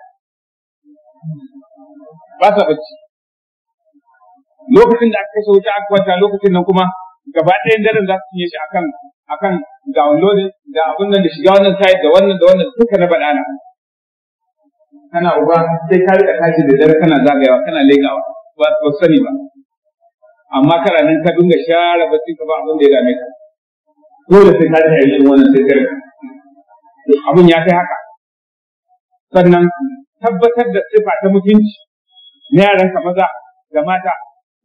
ba sa bacci lokacin da aka kashe wuta aka kwanta lokacin nan kuma gaba ɗayan daren za su cinye shi akan akan ga da ga abin nan da shiga wannan site da wannan da wannan duka na badana kana uba sai ka rika tashi da dare kana zagayawa kana legawa ba ba sani ba amma kana nan ka dinga share bacin ka ba abin da ya dame ka dole sai ka rika yin wannan sai ka abin ya kai haka sannan tabbatar da sifa ta mutunci na yaranka maza da mata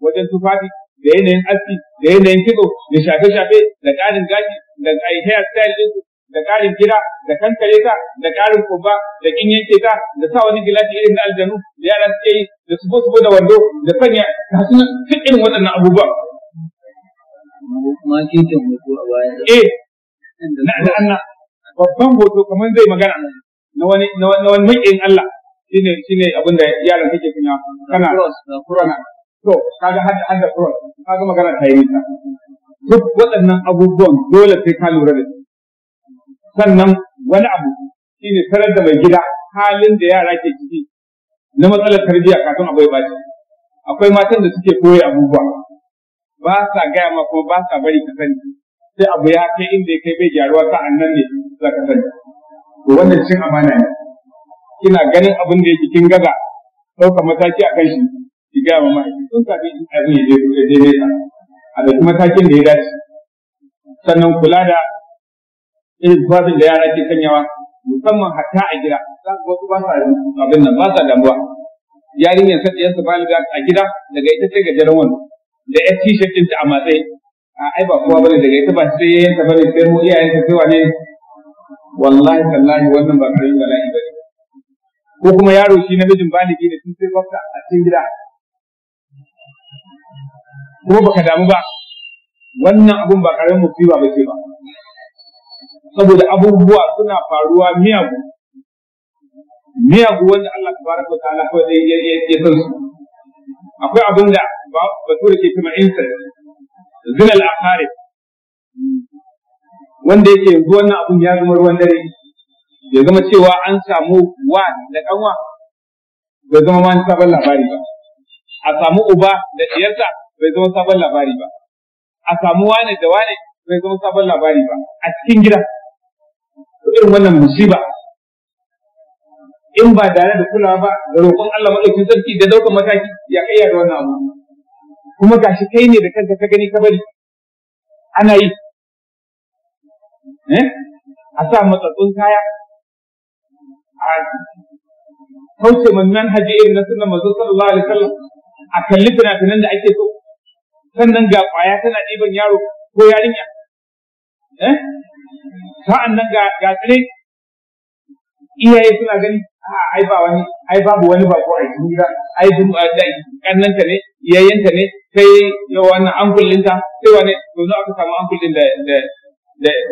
wajen tufafi da yanayin aski da yanayin kiɗo da shafe-shafe da ƙarin gashi da hair style din da ƙarin kira da kankare ta da ƙarin kubba da kin yanke ta da sa wani gilashi irin na aljanu da yara suke yi da su bo da wando da sanya ta suna duk irin waɗannan abubuwa. Eh, na Allah babban hoto kamar zai magana na wani na wani maƙiyin Allah shine shine abin da yaran suke kunya kana to kaga har har da kuwa kaga magana ta yi nisa duk waɗannan abubuwan dole sai ka lura da su sannan wani abu shine sanar da mai gida halin da yara ke ciki na matsalar tarbiyya kafin abu ya baci akwai matan da suke koyi abubuwa ba sa gaya ma ko ba sa bari ka sani sai abu ya kai inda ya kai bai gyaruwa sa'an nan ne za ka sani to wannan cin amana ne kina ganin abin da yake kin gaza ɗaukar mataki a kan shi ki ga ma sun kafin shi abin ya je ya je a da kuma takin da ya dace sannan kula da irin tufafin da yara ke sanyawa musamman hatta a gida za ku wasu ba sa abin nan ba sa damuwa yarinyar sa ɗiyarsa baliga a gida daga ita sai gajeren wani da ya t-shirt ɗinta a matsayi a ai ba kowa bane daga ita ba sai yayin ta bane sai mu iyayen ta sai wane wallahi tallahi wannan ba karin bala'i bane ko kuma yaro shi namijin baligi ne sun sai kwafta a cikin gida ko baka damu ba wannan abun ba karamin musiba ba ce ba saboda abubuwa suna faruwa miyagu miyagu wanda Allah tabaraka wa ta'ala kawai ya ya san su akwai abin da ke kuma insa zinal akharib wanda yake yanzu wannan abun ya zama ruwan dare ya zama cewa an samu wa da kanwa bai zama ma sabon labari ba a samu uba da diyarsa bai zama sabon labari ba a samu wane da wane bai zama sabon labari ba a cikin gida irin wannan musiba in ba dare da kulawa ba da roƙon Allah maɗaukin sarki da ɗaukar mataki ya kai yadda wannan abu kuma gashi kai ne da kanka ka gani ka bari ana yi eh a sa matsatsun kaya a kauce man manhaji irin na sunan manzo sallallahu alaihi wasallam a kalli fina-finan da ake so sannan ga ƙwaya tana ɗiban yaro ko yarinya eh sa'an nan ga ga tsire iyaye suna gani ai ba wani ai babu wani ba ko a cikin ga? ai duk kannanta ne iyayenta ne sai wannan kullinta, sai wani to zo aka samu ankulin da da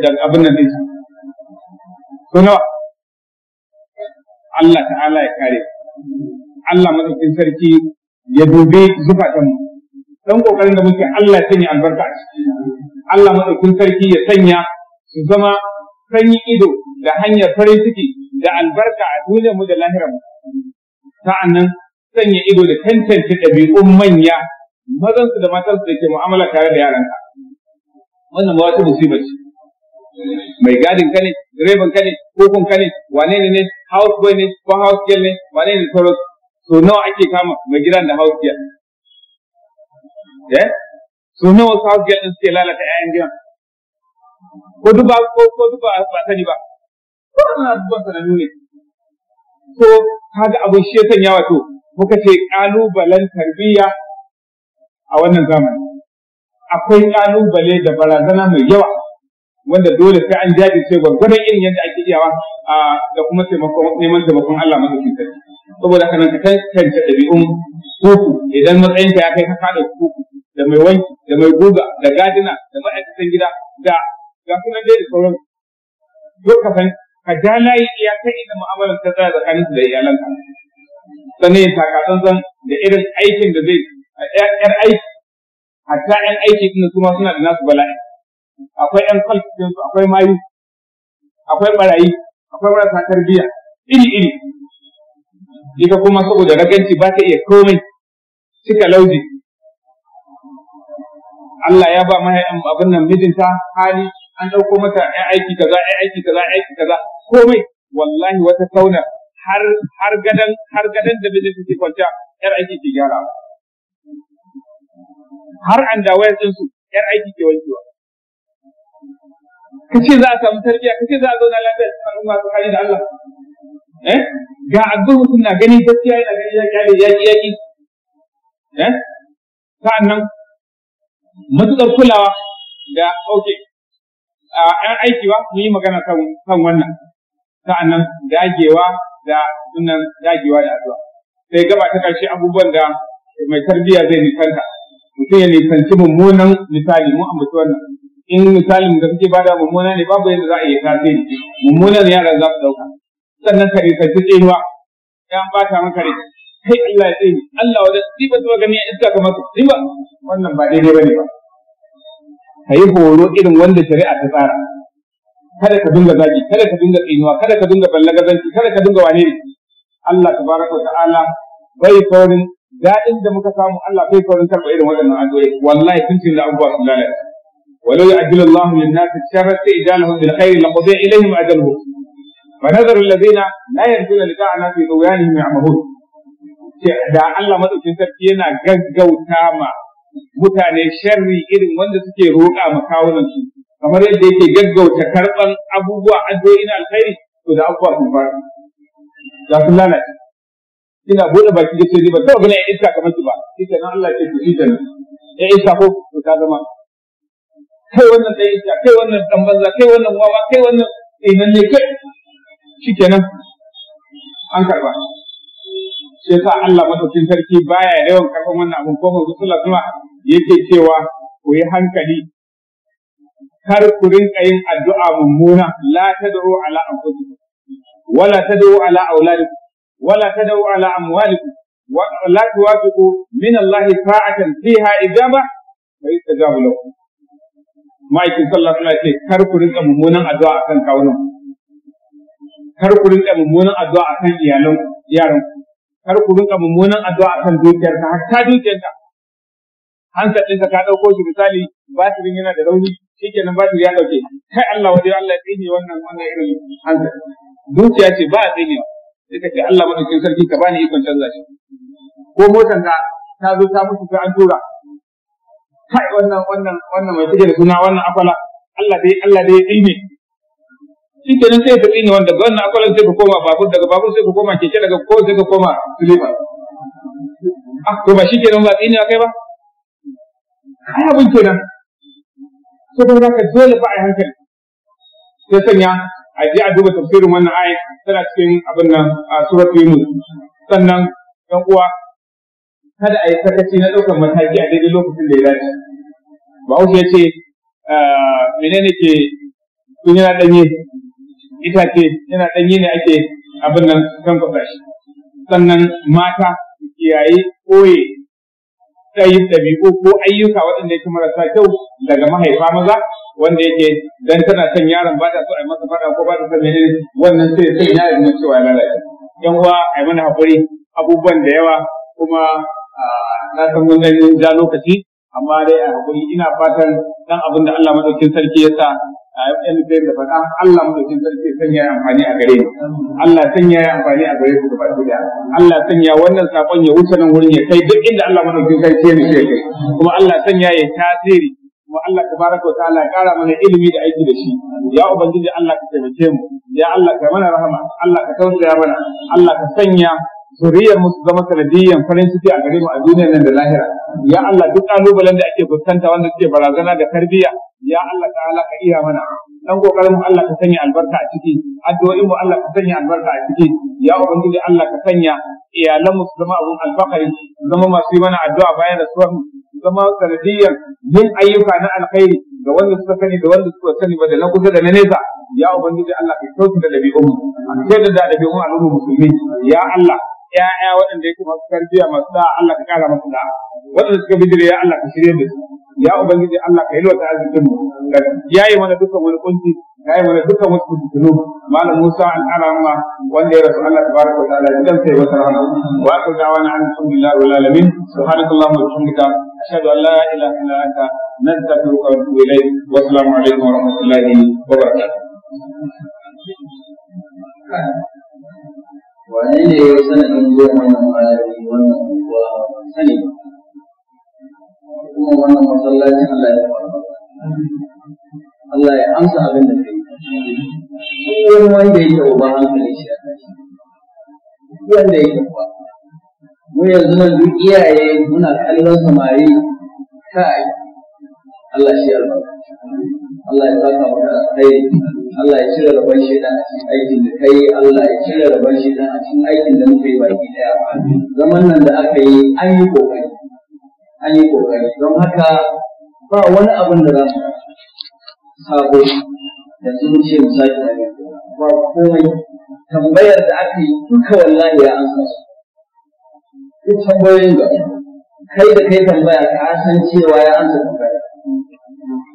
da abin nan din to nawa Allah ta'ala ya kare Allah madaukin sarki ya dubi zukatan mu dan kokarin da muke Allah ya sanya albarka a ciki Allah madaukin sarki ya sanya su zama sanyi ido da hanyar farin ciki da albarka a duniyar mu da lahirar mu sa'annan sanya ido da tantance ɗabi'un manya mazan su da matan su da ke mu'amala tare da yaranka wannan ba wata musiba ce mai gadin ka ne direban ka ne kokon ka ne wane ne ne house boy ne ko house girl ne wane ne sauransu so nawa ake kama mai gidan da house girl eh su wasu house girl din suke lalata ƴaƴan gidan ko duk ba ko ko ba sani ba ko ana sanannu ne ko kaga abun shi ya sanya wato muka ce ƙalubalen tarbiyya a wannan zamani akwai ƙalubale da barazana mai yawa wanda dole sai an jajirce gwargwadon irin yadda ake iyawa da kuma neman taimakon Allah madaukin sarki saboda ka nan tantance ɗabi'un kuku idan matsayin ya kai ka kada kuku da mai wanki da mai guga da gadina da ma'aikatan gida da ga kuma dai da sauran duk ka san ka ja layi iya kai da mu'amalar ta tsaya tsakanin da iyalanka sannan ya taka tsantsan da irin aikin da zai yar aiki hatta yan aiki din kuma suna da nasu bala'i akwai yan kwalfikin su akwai mayu akwai barayi akwai marasa tarbiyya iri iri ita kuma saboda raganci ba ta iya komai cika lauji Allah ya ba mai abin nan mijinta hali an ɗauko mata ya aiki kaza ya aiki kaza ya aiki kaza komai wallahi wata sauna har har gadan har gadan da mijinta ke kwanta yar aiki ke gyara har an da waya din su yar aiki ke wankewa kace za a samu tarbiyya kace za a zauna lafiya a al'umma tsakani da Allah eh ga addu'a mutum na gani gaskiya yana gani ya kyale ya ki ya ki eh sa'annan matukar kulawa da okay a ƴan aiki ba mun yi magana kan kan wannan sa'annan dagewa da sunan dagewa da addu'a sai gaba ta karshe abubuwan da mai tarbiyya zai nisanta mutum ya nisanci mummunan misali mu ambaci wannan in misalin da suke bada mummuna ne babu yadda za a yi tasiri mummunan yaran za su ɗauka. sannan ka nisanci tsinuwa ya bata maka rai kai Allah ya tsini Allah wa zai ba zuwa gani iska kamar su riba wannan ba daidai bane ba ka yi horo irin wanda shari'a ta tsara kada ka dinga zagi kada ka dinga tsinuwa kada ka dinga ballagazanci kada ka dinga wane ne Allah tabaraka ta'ala bai saurin daɗin da muka samu Allah bai saurin karɓa irin waɗannan addu'o'i wallahi tun cin da abubuwa sun lalace ولو يعجل الله للناس الشر استعجالهم بالخير لقضي اليهم اجلهم فنذر الذين لا يرجون لقاءنا في طغيانهم يعمهون da Allah madaukin sarki yana gaggauta ma mutane sharri irin wanda suke roƙa ma kawunan su kamar yadda yake gaggauta karɓan abubuwa addu'o'in alkhairi to da abubuwa sun fara za sun lalace ina bude baki da sai ba kawai gane iska kamar ki ba shi kenan Allah ke ce to shi ya iska ko to ka zama kai wannan dai iska kai wannan dan banza kai wannan wawa kai wannan inan ne kai shikenan an karba sai sa Allah madaukakin sarki baya yawan karban wannan abin ko manzo sallallahu alaihi wasallam yake cewa ku yi hankali kar ku rinka yin addu'a mummuna la tad'u ala anfusikum wala tad'u ala auladikum wala tad'u ala amwalikum ولا توافقوا من الله ساعة فيها إجابة فيستجاب لكم ma'aikin sallallahu alaihi wasallam kar ku rinka mummunan addu'a akan kawunan kar ku rinka mummunan addu'a akan iyalan yaran ku kar ku rinka mummunan addu'a akan dukiyar ka ta dukiyar ka hankalin ka ka dauko shi misali batirin yana da rauni shikenan batir ya dauke kai Allah wa Allah ya tsine wannan wannan irin hankali dukiya ce ba a tsine sai ka ce Allah madaukin sarki ka bani ikon canza shi ko motan ka ta zo ta mutu sai an tura kai wannan wannan wannan mai take da suna wannan afala Allah dai Allah dai ya shi kenan sai ka tsine wanda wannan akwalan sai ka koma babur daga babur sai ka koma keke daga ko sai ka koma silifa ah to ba shi kenan ba tsine kai ba kai abin kenan saboda ka dole fa a hankali sai sanya a je a duba tafsirin wannan ayi tana cikin abin nan a surat yunus sannan dan uwa kada a yi sakaci na ɗaukar mataki a daidai lokacin da ya dace ba ya ce ah, menene ke tunyana danye itace yana ɗanye ne ake abin nan kan kwasa sannan mata kiyaye koye tsayi ɗabi'u ko ayyuka waɗanda yake marasa kyau daga mahaifa maza wanda yake dan tana son yaron ba ta so a yi masa faɗa ko ba ta son menene wannan sai son yaron ne cewa lalace yan uwa a yi mana haƙuri abubuwan da yawa kuma na san wannan ja lokaci amma dai a haƙuri ina fatan dan abin da Allah maɗaukin sarki ya sa yan da da faɗa Allah mutum sarki sanya ya amfani a gare ni Allah san ya amfani a gare ku gaba da Allah ya wannan sakon ya wuce nan wurin ya kai duk inda Allah mutum sarki ni kai kuma Allah san ya yi tasiri kuma Allah tabaraka wa ta'ala ya kara mana ilimi da aiki da shi ya ubangiji Allah ka taimake mu ya Allah ka mana rahama Allah ka tausaya mana Allah ka sanya zuriyar su zama sanadiyyan farin ciki a gare mu a duniya nan da lahira ya Allah duk kalubalen da ake fuskanta wanda suke barazana ga tarbiyya ya Allah ta'ala ka iya mana dan kokarin Allah ka sanya albarka a ciki addu'o'in mu Allah ka sanya albarka a ciki ya ubangiji Allah ka sanya iyalan mu su zama abun alfakari su zama masu yi mana addu'a bayan da suwan zama sanadiyyar yin ayyuka na alkhairi da wanda suka sani da wanda suka sani ba da na kusa da na nesa ya ubangiji Allah ka sauki da dabi'un sai da dabi'un al'ummar musulmi ya Allah ya'ya waɗanda ya kuma tarbiyya masu da Allah ka kara masu da waɗanda suka bijire ya Allah ka shirye da su يا أبنتي الله كهلو تعالى جم يا إيمان دكتور ونكنتي يا إيمان دكتور ونكنتي كلوب ما لموسى أن أنا ما وندي رسول الله تبارك وتعالى جل سيد وسلم وأكو دعوانا عن الحمد لله رب العالمين سبحانك اللهم وبحمدك أشهد أن لا إله إلا أنت نستغفرك ونتوب إليك والسلام عليكم ورحمة الله وبركاته وأنا سنة من يوم من أمالي ومن أمالي ومن أمالي kuma wannan masallacin Allah ya tabbata Allah ya amsa abin da kai duk wanda ya yake ba hankali shi a tashi duk wanda yi ba, mu yanzu nan duk iyaye muna kallon samari kai Allah shi albarka Allah ya saka maka kai. Allah ya cire rabon shaitan a cikin aikin da kai Allah ya cire rabon shaitan a cikin aikin da muka yi baki daya zaman nan da aka yi an yi kokari an yi ƙoƙari don haka ba wani abin da za su sabo da sun ce mu sake abin ba komai tambayar da aka yi duka wallahi ya amsa su duk tambayoyin da kai da kai tambaya ka san cewa ya amsa tambaya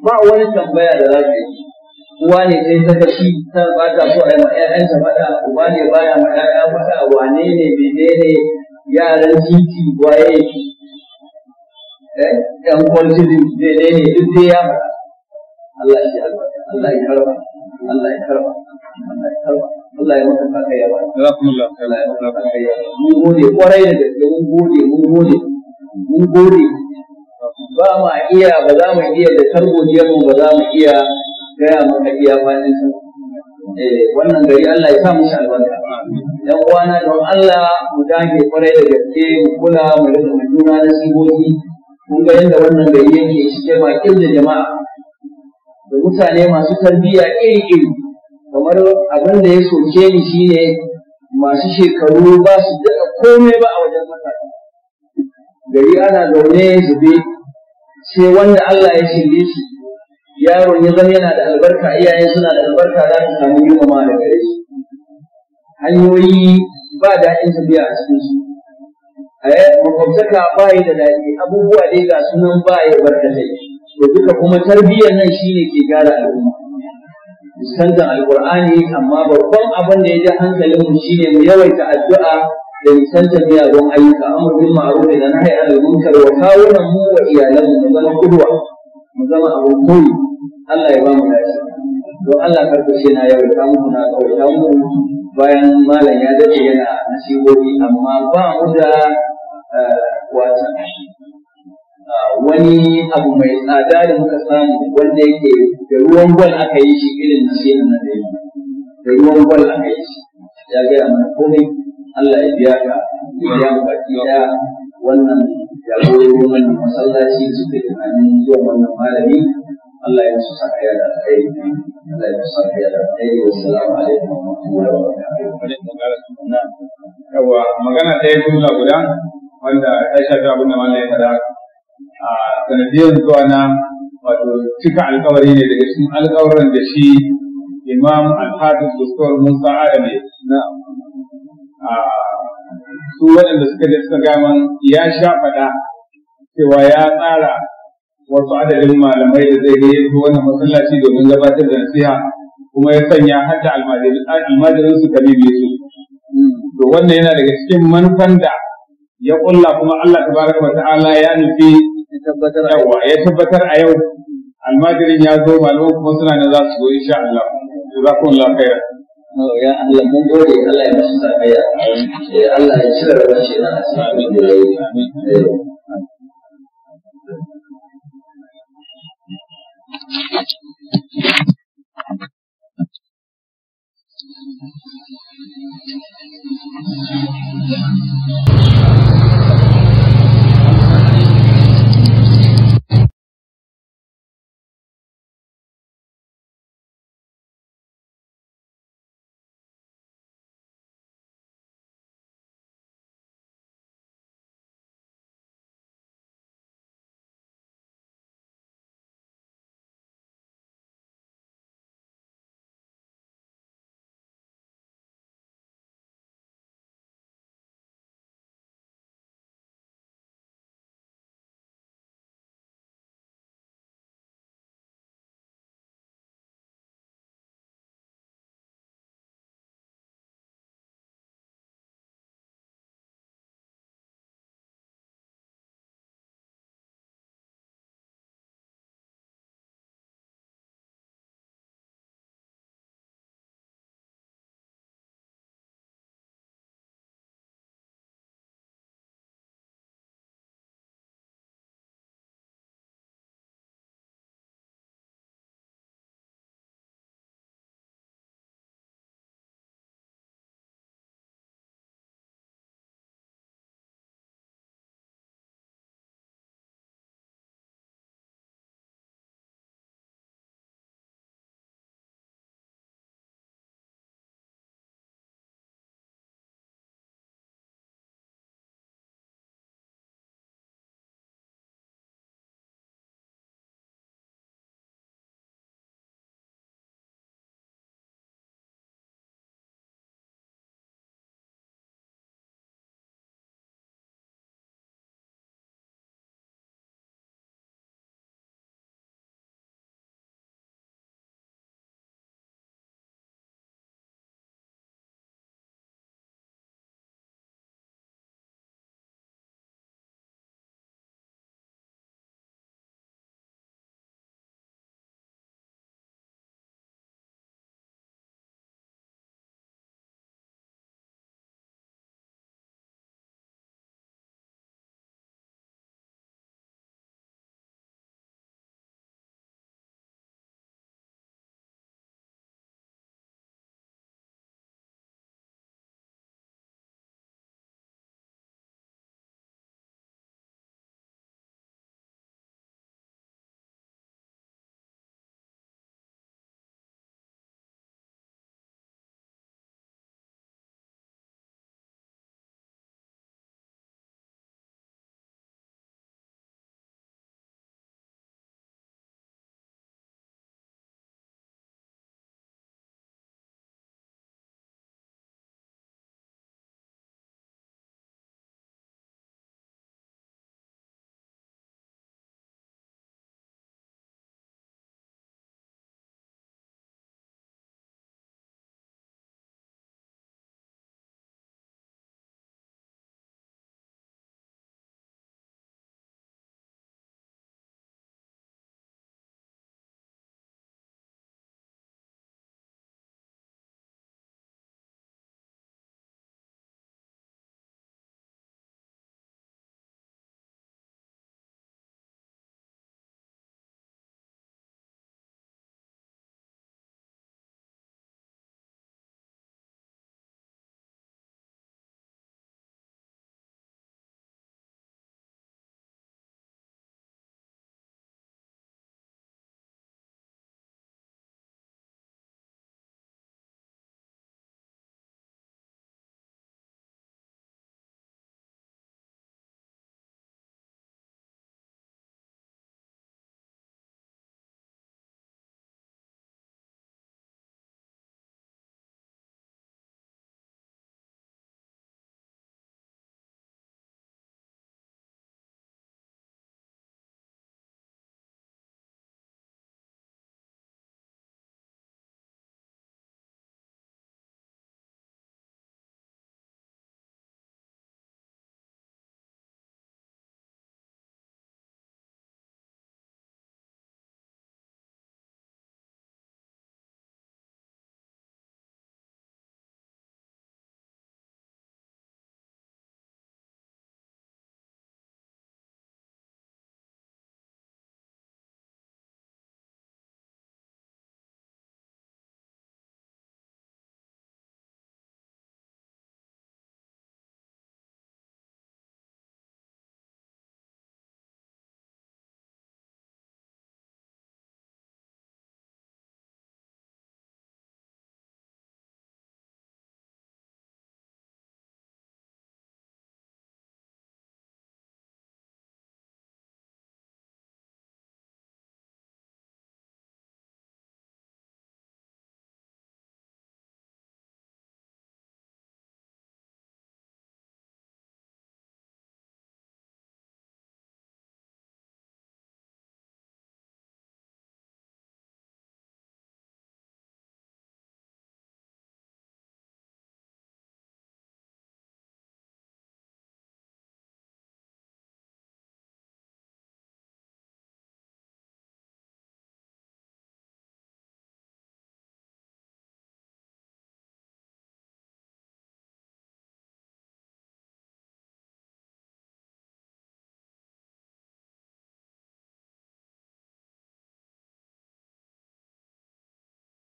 ba wani tambaya da za ka yi uwa ne sai ta kashi ta ba ta so a yi ma ‘ya'yanta faɗa, uba ne ya ma ‘ya'ya faɗa, wane ne, ne yaran titi, waye, ɗan eh, kwanci daidai ne duk dai ya faɗa Allah shi Allah ya karba Allah ya karba Allah ya karba Allah ya maka kaka yawa Allah ya maka kaka yawa mun gode kwarai da gaske mun gode mun gode mun gode ba ma iya ba za mu iya da targodiyar mu ba za mu iya gaya maka iya fadin sa eh, wannan gari Allah ya sa musu albarka yan uwana don Allah mu dage kwarai da gaske mu kula mu rika mu juna nasibobi kun ga yadda wannan gari yake cike makil da jama'a da mutane masu tarbiyya iri-iri kamar abin da ya soke ni shine masu shekaru ba su daɗa komai ba a wajen matasa gari ana zaune zube sai wanda Allah ya shirye shi yaron ya zama yana da albarka iyaye suna da albarka za su samu ma da gare shi hanyoyi ba daɗin tafiya a cikin su Eh, makwabtaka ba yi da daɗi abubuwa dai ga sunan ba ya barkatai to duka kuma tarbiyyar nan shine ke gyara al'umma musantan alqur'ani amma babban abin da ya ji hankalin mu shine mu yawaita addu'a da musantan miyagun ayyuka amrul ma'ruf da nahy anil munkar wa kawunan mu wa iyalan mu zama kudwa mu zama abun koyi Allah ya ba mu lafiya to Allah shi na yawaita mu na kawaita mu bayan malam ya dace yana nasibobi amma ba mu da wani abu mai tsada da muka samu wanda yake da ruwan gwal aka yi shi irin na shi na da da ruwan gwal aka yi shi ya gaya mana komai Allah ya biya ka ya baki da wannan jagorin wannan masallaci da suke zuwa wannan malami Allah ya su saka ya da kai Allah ya su saka ya da kai assalamu alaikum wa rahmatullahi wa barakatuh yawa magana yi guda wanda ta shafi abin da malai faɗa a sanadiyar zuwa na wato cika alkawari ne daga cikin alkawarin da shi imam al-hafiz musa adam ya su waɗanda suka je suka gama ya sha fada cewa ya tsara wasu adadin malamai da zai gaya su wannan masallaci domin gabatar da nasiha kuma ya sanya hadda almajirin su ka biyu su to wannan yana daga cikin manufan da ya kulla kuma Allah tabaraka wata'ala ya nufi yawa ya tabbatar a yau almajirin ya zo malaman kuma suna ne za su zo insha Allah jazakumullahu khairan oh, ya Allah mun gode Allah ya masa sakaya ya eh, Allah ya cire rabon shi na asibiti da yayi Thank you. el you.